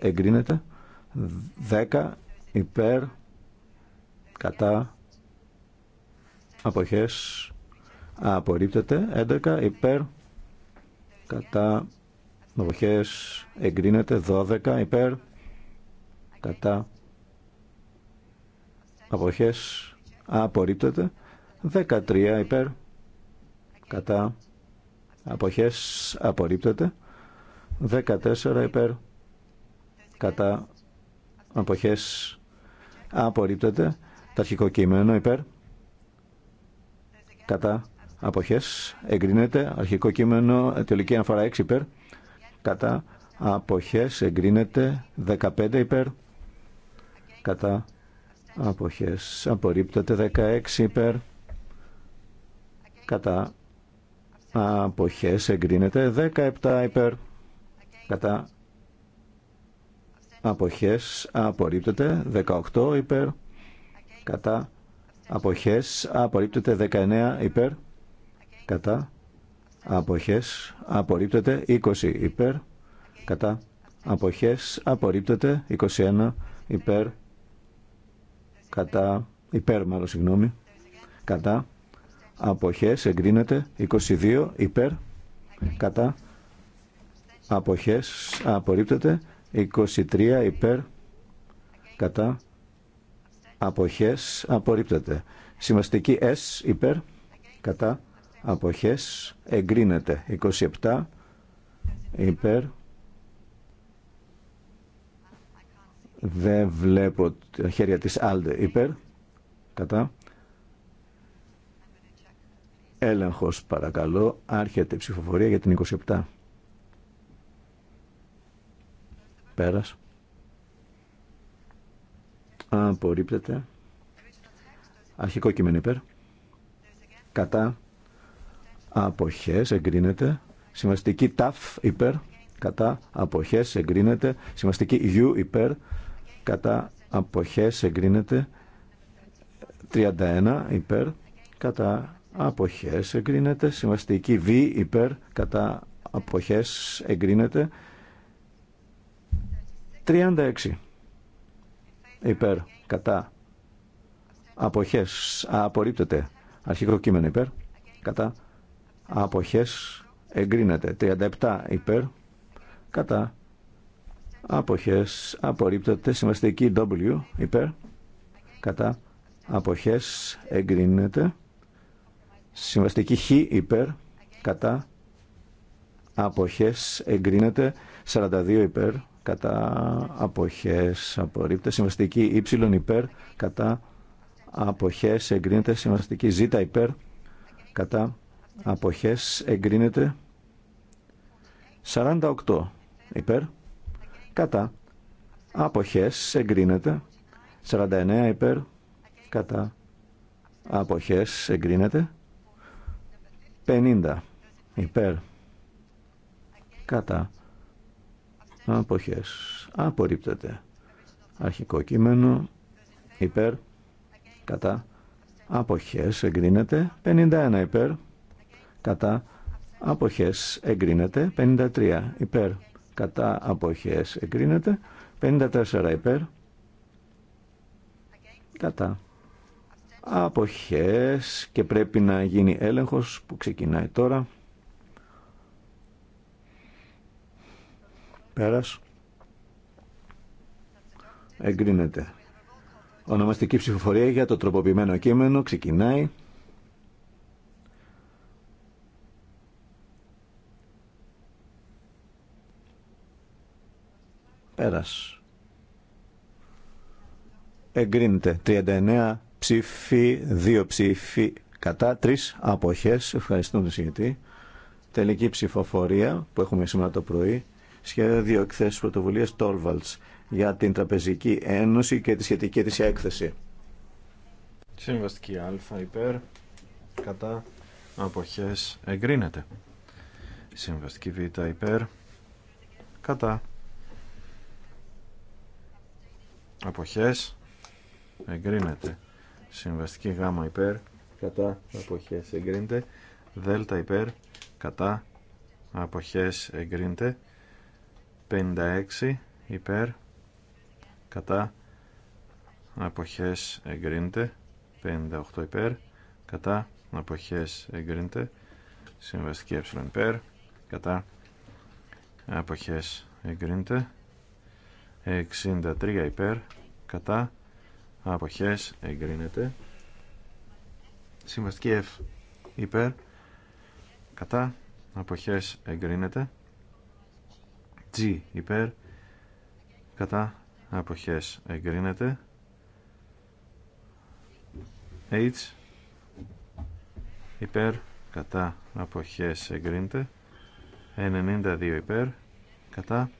S3: εγκρίνεται 10 υπέρ κατά αποχές απορρίπτεται 11 υπέρ κατά αποχές εγκρίνεται 12 υπέρ κατά αποχές απορρίπτεται 13 υπέρ κατά αποχές απορρίπτεται 14 υπέρ κατά αποχές απορρίπτεται το αρχικό κείμενο υπέρ κατά αποχές εγκρίνεται αρχικό κείμενο τελική αναφορά 6 υπέρ κατά αποχές εγκρίνεται 15 υπέρ κατά Αποχές. Απορρίπτεται 16 υπέρ. Κατά. Αποχές. Εγκρίνεται 17 υπέρ. Κατά. Αποχές. Απορρίπτεται 18 υπέρ. Κατά. Αποχές. Απορρίπτεται 19 υπέρ. Κατά. Αποχές. Απορρίπτεται 20 υπέρ. Κατά. Αποχές. Απορρίπτεται 21 υπέρ κατά, υπέρ μάλλον συγγνώμη, κατά, αποχές εγκρίνεται, 22 υπέρ, κατά, αποχές απορρίπτεται, 23 υπέρ, κατά, αποχές απορρίπτεται. Σημαστική S υπέρ, κατά, αποχές εγκρίνεται, 27 υπέρ, Δεν βλέπω τα χέρια της Άλντε υπέρ. Κατά. Έλεγχος παρακαλώ. Άρχεται η ψηφοφορία για την 27. Πέρας. Απορρίπτεται. Αρχικό κείμενο υπέρ. Κατά. Αποχές εγκρίνεται. Σημαστική ταφ υπέρ. Κατά. Αποχές εγκρίνεται. Σημαστική γιου υπέρ κατά αποχές εγκρίνεται 31 υπέρ κατά αποχές εγκρίνεται συμβαστική β υπέρ κατά αποχές εγκρίνεται 36 υπέρ κατά αποχές απορρίπτεται αρχικό κείμενο υπέρ κατά αποχές εγκρίνεται 37 υπέρ κατά Αποχές απορρίπτεται. Συμβαστική W υπέρ. Κατά. Αποχές εγκρίνεται. Συμβαστική Χ υπέρ. Κατά. Αποχές εγκρίνεται. 42 υπέρ. Κατά. Αποχές απορρίπτεται. Συμβαστική Y υπέρ. Κατά. Αποχές εγκρίνεται. Συμβαστική Ζ υπέρ. Κατά. Αποχές εγκρίνεται. 48 υπέρ κατά αποχές εγκρίνεται 49 υπέρ κατά αποχές εγκρίνεται 50 υπέρ κατά αποχές απορρίπτεται αρχικό κείμενο υπέρ κατά αποχές εγκρίνεται 51 υπέρ κατά αποχές εγκρίνεται 53 υπέρ κατά αποχές εγκρίνεται 54 υπέρ κατά αποχές και πρέπει να γίνει έλεγχος που ξεκινάει τώρα πέρας εγκρίνεται ονομαστική ψηφοφορία για το τροποποιημένο κείμενο ξεκινάει Πέρας. Εγκρίνεται. 39 ψήφοι, 2 ψήφοι κατά, 3 αποχές. Ευχαριστούμε γιατί. Τελική ψηφοφορία που έχουμε σήμερα το πρωί. Σχέδιο εκθέσεις πρωτοβουλίας Τόλβαλτς για την Τραπεζική Ένωση και τη σχετική της έκθεση.
S1: Συμβαστική Α υπέρ κατά
S3: αποχές
S1: εγκρίνεται. Συμβαστική Β υπέρ κατά αποχές εγκρίνεται συμβαστική γάμα υπέρ κατά αποχές εγκρίνεται δέλτα υπέρ κατά αποχές εγκρίνεται 56 υπέρ κατά αποχές εγκρίνεται 58 υπέρ κατά αποχές εγκρίνεται συμβαστική ε υπέρ κατά αποχές εγκρίνεται 63 υπέρ κατά αποχές εγκρίνεται συμβαστική F υπέρ κατά αποχές εγκρίνεται G υπέρ κατά αποχές εγκρίνεται H υπέρ κατά αποχές εγκρίνεται 92 υπέρ κατά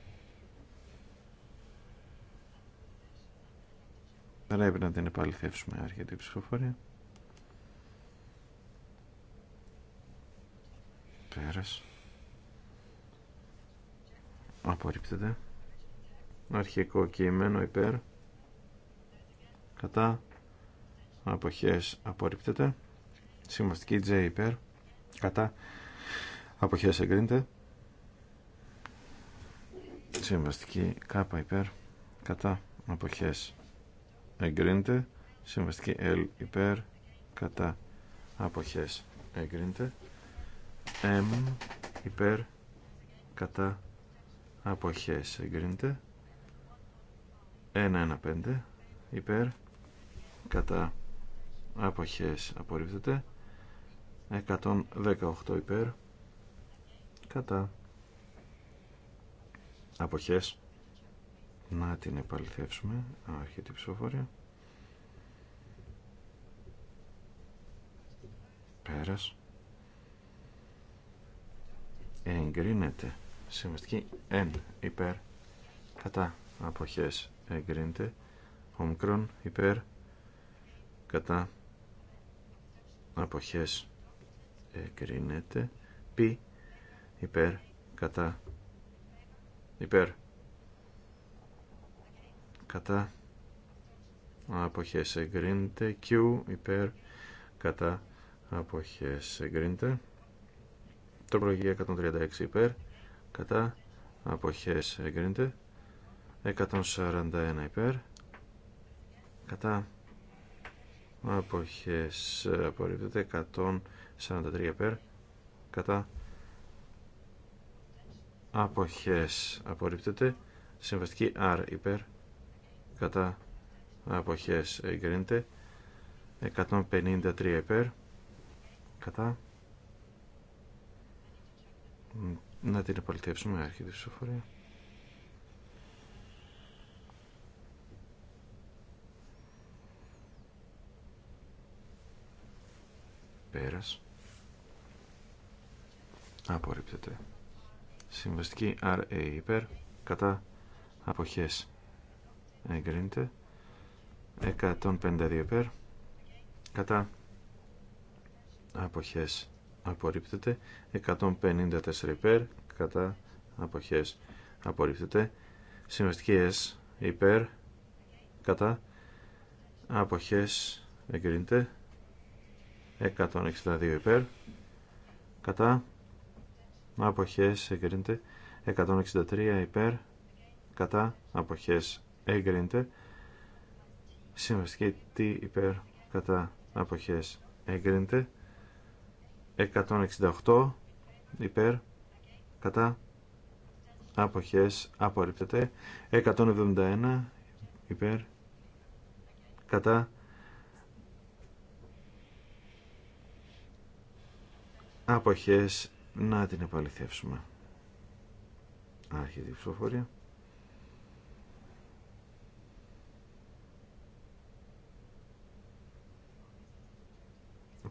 S1: Θα έπρεπε να την επαληθεύσουμε αρκετή ψηφοφορία. Πέρας. Απορρίπτεται. Αρχικό κείμενο υπέρ. Κατά. Αποχές απορρίπτεται. Συμβαστική J υπέρ. Κατά. Αποχές εγκρίνεται. Συμβαστική K υπέρ. Κατά. Αποχές εγκρίνεται. Συμβαστική L υπέρ κατά αποχές εγκρίνεται. M υπέρ κατά αποχές εγκρίνεται. 1-1-5 υπέρ κατά αποχές απορρίπτεται. 118 υπέρ κατά αποχές να την επαληθεύσουμε αρχιετή ψηφοφορία πέρας εγκρίνεται σημαστική εν υπέρ κατά αποχές εγκρίνεται ομικρόν υπέρ κατά αποχές εγκρίνεται πι, υπέρ κατά υπέρ κατά αποχές εγκρίνεται Q υπέρ κατά αποχές εγκρίνεται τροπολογία 136 υπέρ κατά αποχές εγκρίνεται 141 υπέρ κατά αποχές απορρίπτεται 143 υπέρ κατά αποχές απορρίπτεται συμβαστική R υπέρ κατά αποχές εγκρίνεται 153 υπέρ κατά να την επαληθεύσουμε αρχή της ψηφοφορία πέρας απορρίπτεται συμβαστική RA υπέρ κατά αποχές εγκρίνεται 152 υπέρ κατά αποχές απορρίπτεται 154 υπέρ κατά αποχές απορρίπτεται Συμβαστικές υπέρ κατά αποχές εγκρίνεται 162 υπέρ κατά αποχές εγκρίνεται 163 υπέρ κατά αποχές εγκρίνεται συμβαστική τι υπέρ κατά αποχές εγκρίνεται 168 υπέρ κατά αποχές απορρίπτεται 171 υπέρ κατά αποχές να την επαληθεύσουμε άρχεται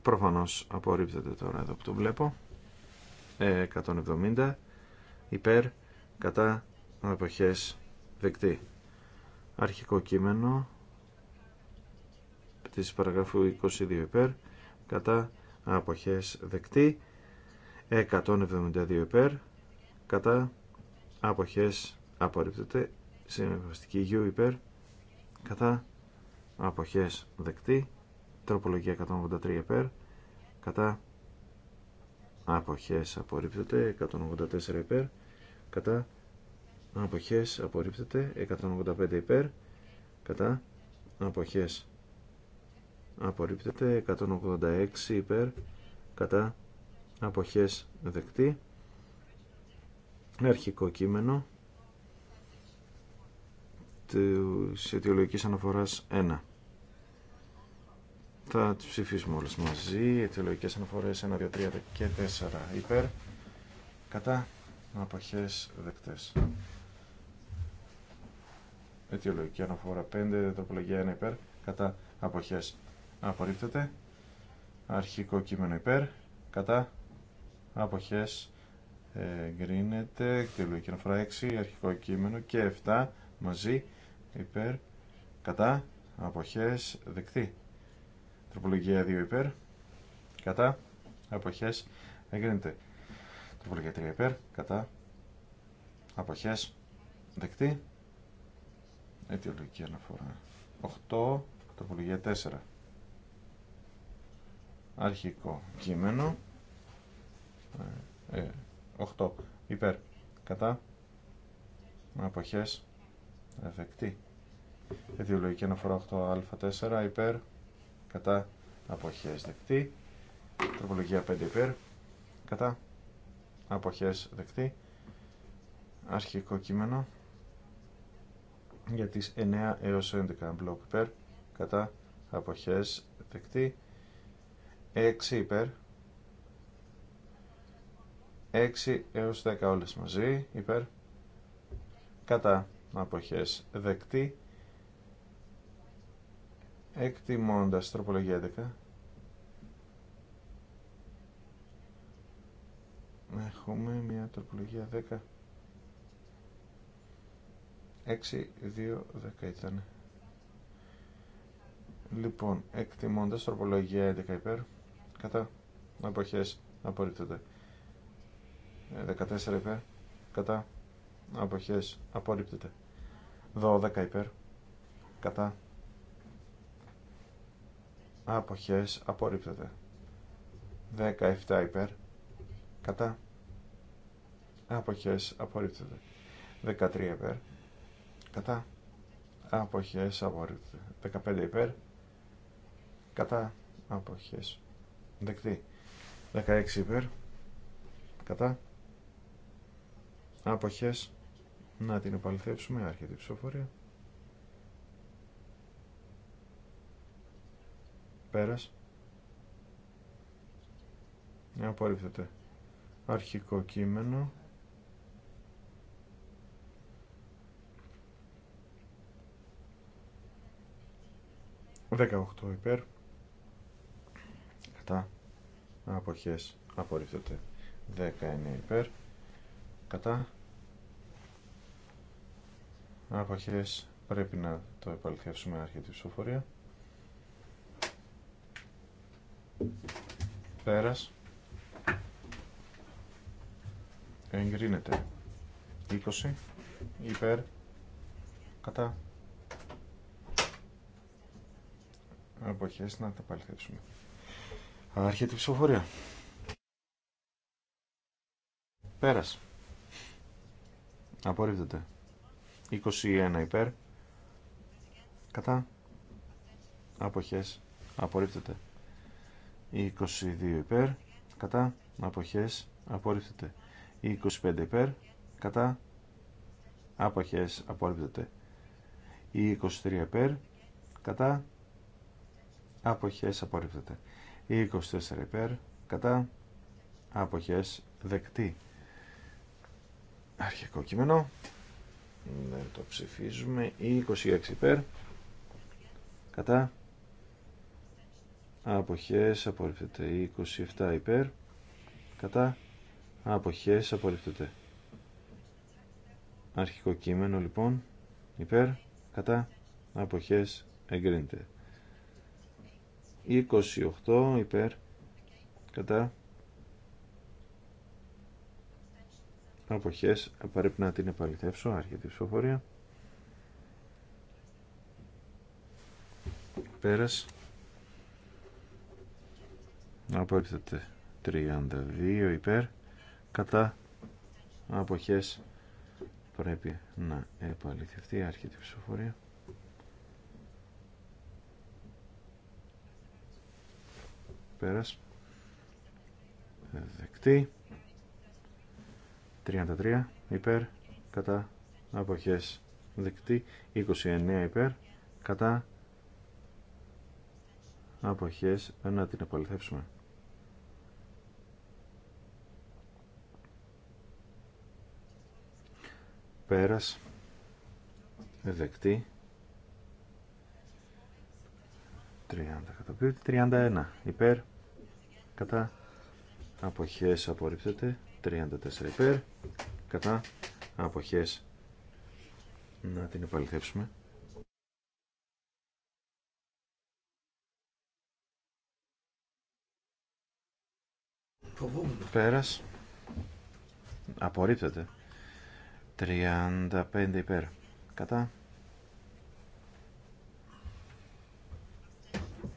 S1: Προφανώς απορρίπτεται τώρα εδώ που το βλέπω. 170 ε, υπέρ κατά εποχές δεκτή. Αρχικό κείμενο της παραγράφου 22 υπέρ κατά αποχές δεκτή. 172 υπέρ κατά αποχές απορρίπτεται. Συνεργαστική γιου υπέρ κατά αποχές δεκτή. Τροπολογία 183 υπέρ. Κατά. Αποχές απορρίπτεται. 184 υπέρ. Κατά. Αποχές απορρίπτεται. 185 υπέρ. Κατά. Αποχές απορρίπτεται. 186 υπέρ. Κατά. Αποχές δεκτή. Αρχικό κείμενο της αιτιολογικής αναφοράς 1 θα τις ψηφίσουμε όλες μαζί. Αιτιολογικές αναφορές 1, 2, 3 και 4 υπέρ. Κατά αποχές δεκτές. Αιτιολογική αναφορά 5, τροπολογία 1 υπέρ. Κατά αποχές απορρίπτεται. Αρχικό κείμενο υπέρ. Κατά αποχές γκρίνεται. Αιτιολογική αναφορά 6, αρχικό κείμενο και 7 μαζί υπέρ. Κατά αποχές δεκτή. Τροπολογία 2 υπέρ. Κατά. Αποχές. Εγκρίνεται. Τροπολογία 3 υπέρ. Κατά. αποχέ, Δεκτή. Αιτιολογική αναφορά. 8. Τροπολογία 4. Αρχικό κείμενο. 8. Υπέρ. Κατά. Αποχές. Δεκτή. Αιτιολογική αναφορά 8α4. Ε, ε, υπέρ κατά αποχές δεκτή τροπολογία 5 υπέρ κατά αποχές δεκτή αρχικό κείμενο για τις 9 έως 11 μπλοκ υπέρ κατά αποχές δεκτή 6 υπέρ 6 έως 10 όλες μαζί υπέρ κατά αποχές δεκτή εκτιμώντας τροπολογία 11 έχουμε μια τροπολογία 10 6, 2, 10 ήταν λοιπόν εκτιμώντας τροπολογία 11 υπέρ κατά αποχές απορρίπτεται 14 ε, υπέρ κατά αποχές απορρίπτεται 12 υπέρ κατά αποχές απορρίπτεται 17 υπέρ κατά αποχές απορρίπτεται 13 υπέρ κατά αποχές απορρίπτεται 15 υπέρ κατά αποχές δεκτή 16 υπέρ κατά αποχές να την επαληθεύσουμε άρχεται η ψηφοφορία Πέρας. Ναι, απορρίπτεται. Αρχικό κείμενο. Δεκαοχτώ υπέρ. Κατά. Αποχές. Απορρίπτεται. εννέα υπέρ. Κατά. Αποχές πρέπει να το επαληθεύσουμε αρχή τη ψηφοφορία. Πέρας. Εγκρίνεται. 20. Υπέρ. Κατά. Αποχές να τα παληθεύσουμε. Αρχιετή ψηφοφορία. Πέρας. Απορρίπτεται. 21 υπέρ. Κατά. Αποχές. Απορρίπτεται. 22 υπέρ, κατά, αποχές, απορρίπτεται. 25 υπέρ, κατά, αποχές, απορρίπτεται. 23 υπέρ, κατά, αποχές, απορρίπτεται. 24 υπέρ, κατά, αποχές, δεκτή. Αρχικό κείμενο. Δεν ναι, το ψηφίζουμε. 26 υπέρ, κατά, αποχές απορριφθεται 27 υπέρ κατά αποχές απορριφθεται αρχικό κείμενο λοιπόν υπέρ κατά αποχές εγκρίνεται 28 υπέρ κατά αποχές πρέπει να την επαληθεύσω Αρχιετή ψηφοφορία πέρας απορρίπτεται 32 υπέρ κατά αποχές πρέπει να επαληθευτεί αρχή η ψηφοφορία πέρας δεκτή 33 υπέρ κατά αποχές δεκτή 29 υπέρ κατά αποχές να την επαληθεύσουμε πέρας δεκτή 30 καταπίπτει 31 υπέρ κατά αποχές απορρίπτεται 34 υπέρ κατά αποχές να την επαληθεύσουμε Πέρας απορρίπτεται 35 υπέρ. Κατά.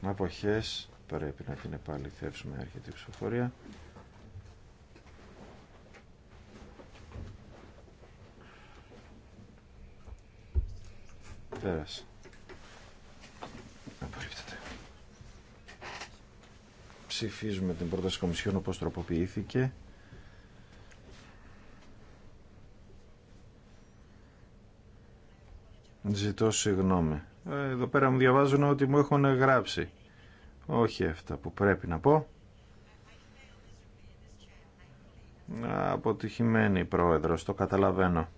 S1: Με Αποχές. Πρέπει να την επαληθεύσουμε αρκετή ψηφοφορία. Πέρασε. Απορρίπτεται. Ψηφίζουμε την πρόταση κομισιόν όπως τροποποιήθηκε. Ζητώ συγγνώμη. Ε, εδώ πέρα μου διαβάζουν ότι μου έχουν γράψει. Όχι αυτά που πρέπει να πω. Αποτυχημένη πρόεδρος, το καταλαβαίνω.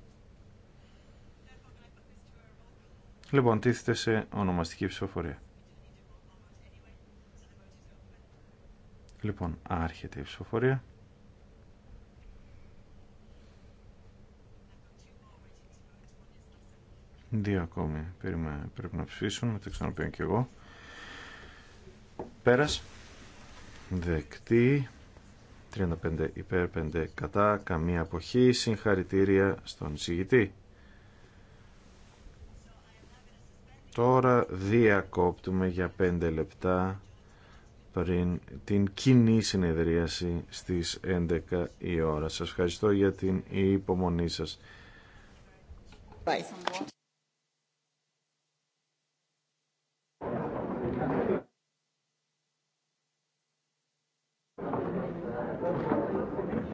S1: Λοιπόν, τίθεται σε ονομαστική ψηφοφορία. Λοιπόν, άρχεται η ψηφοφορία. Δύο ακόμη πρέπει να ψηφίσουν, μεταξύ των οποίων και εγώ. Πέρας. Δεκτή. 35 υπέρ, 5 κατά, καμία αποχή. Συγχαρητήρια στον συγητή. Τώρα διακόπτουμε για 5 λεπτά πριν την κοινή συνεδρίαση στις 11 η ώρα. Σας ευχαριστώ για την υπομονή σας. Bye.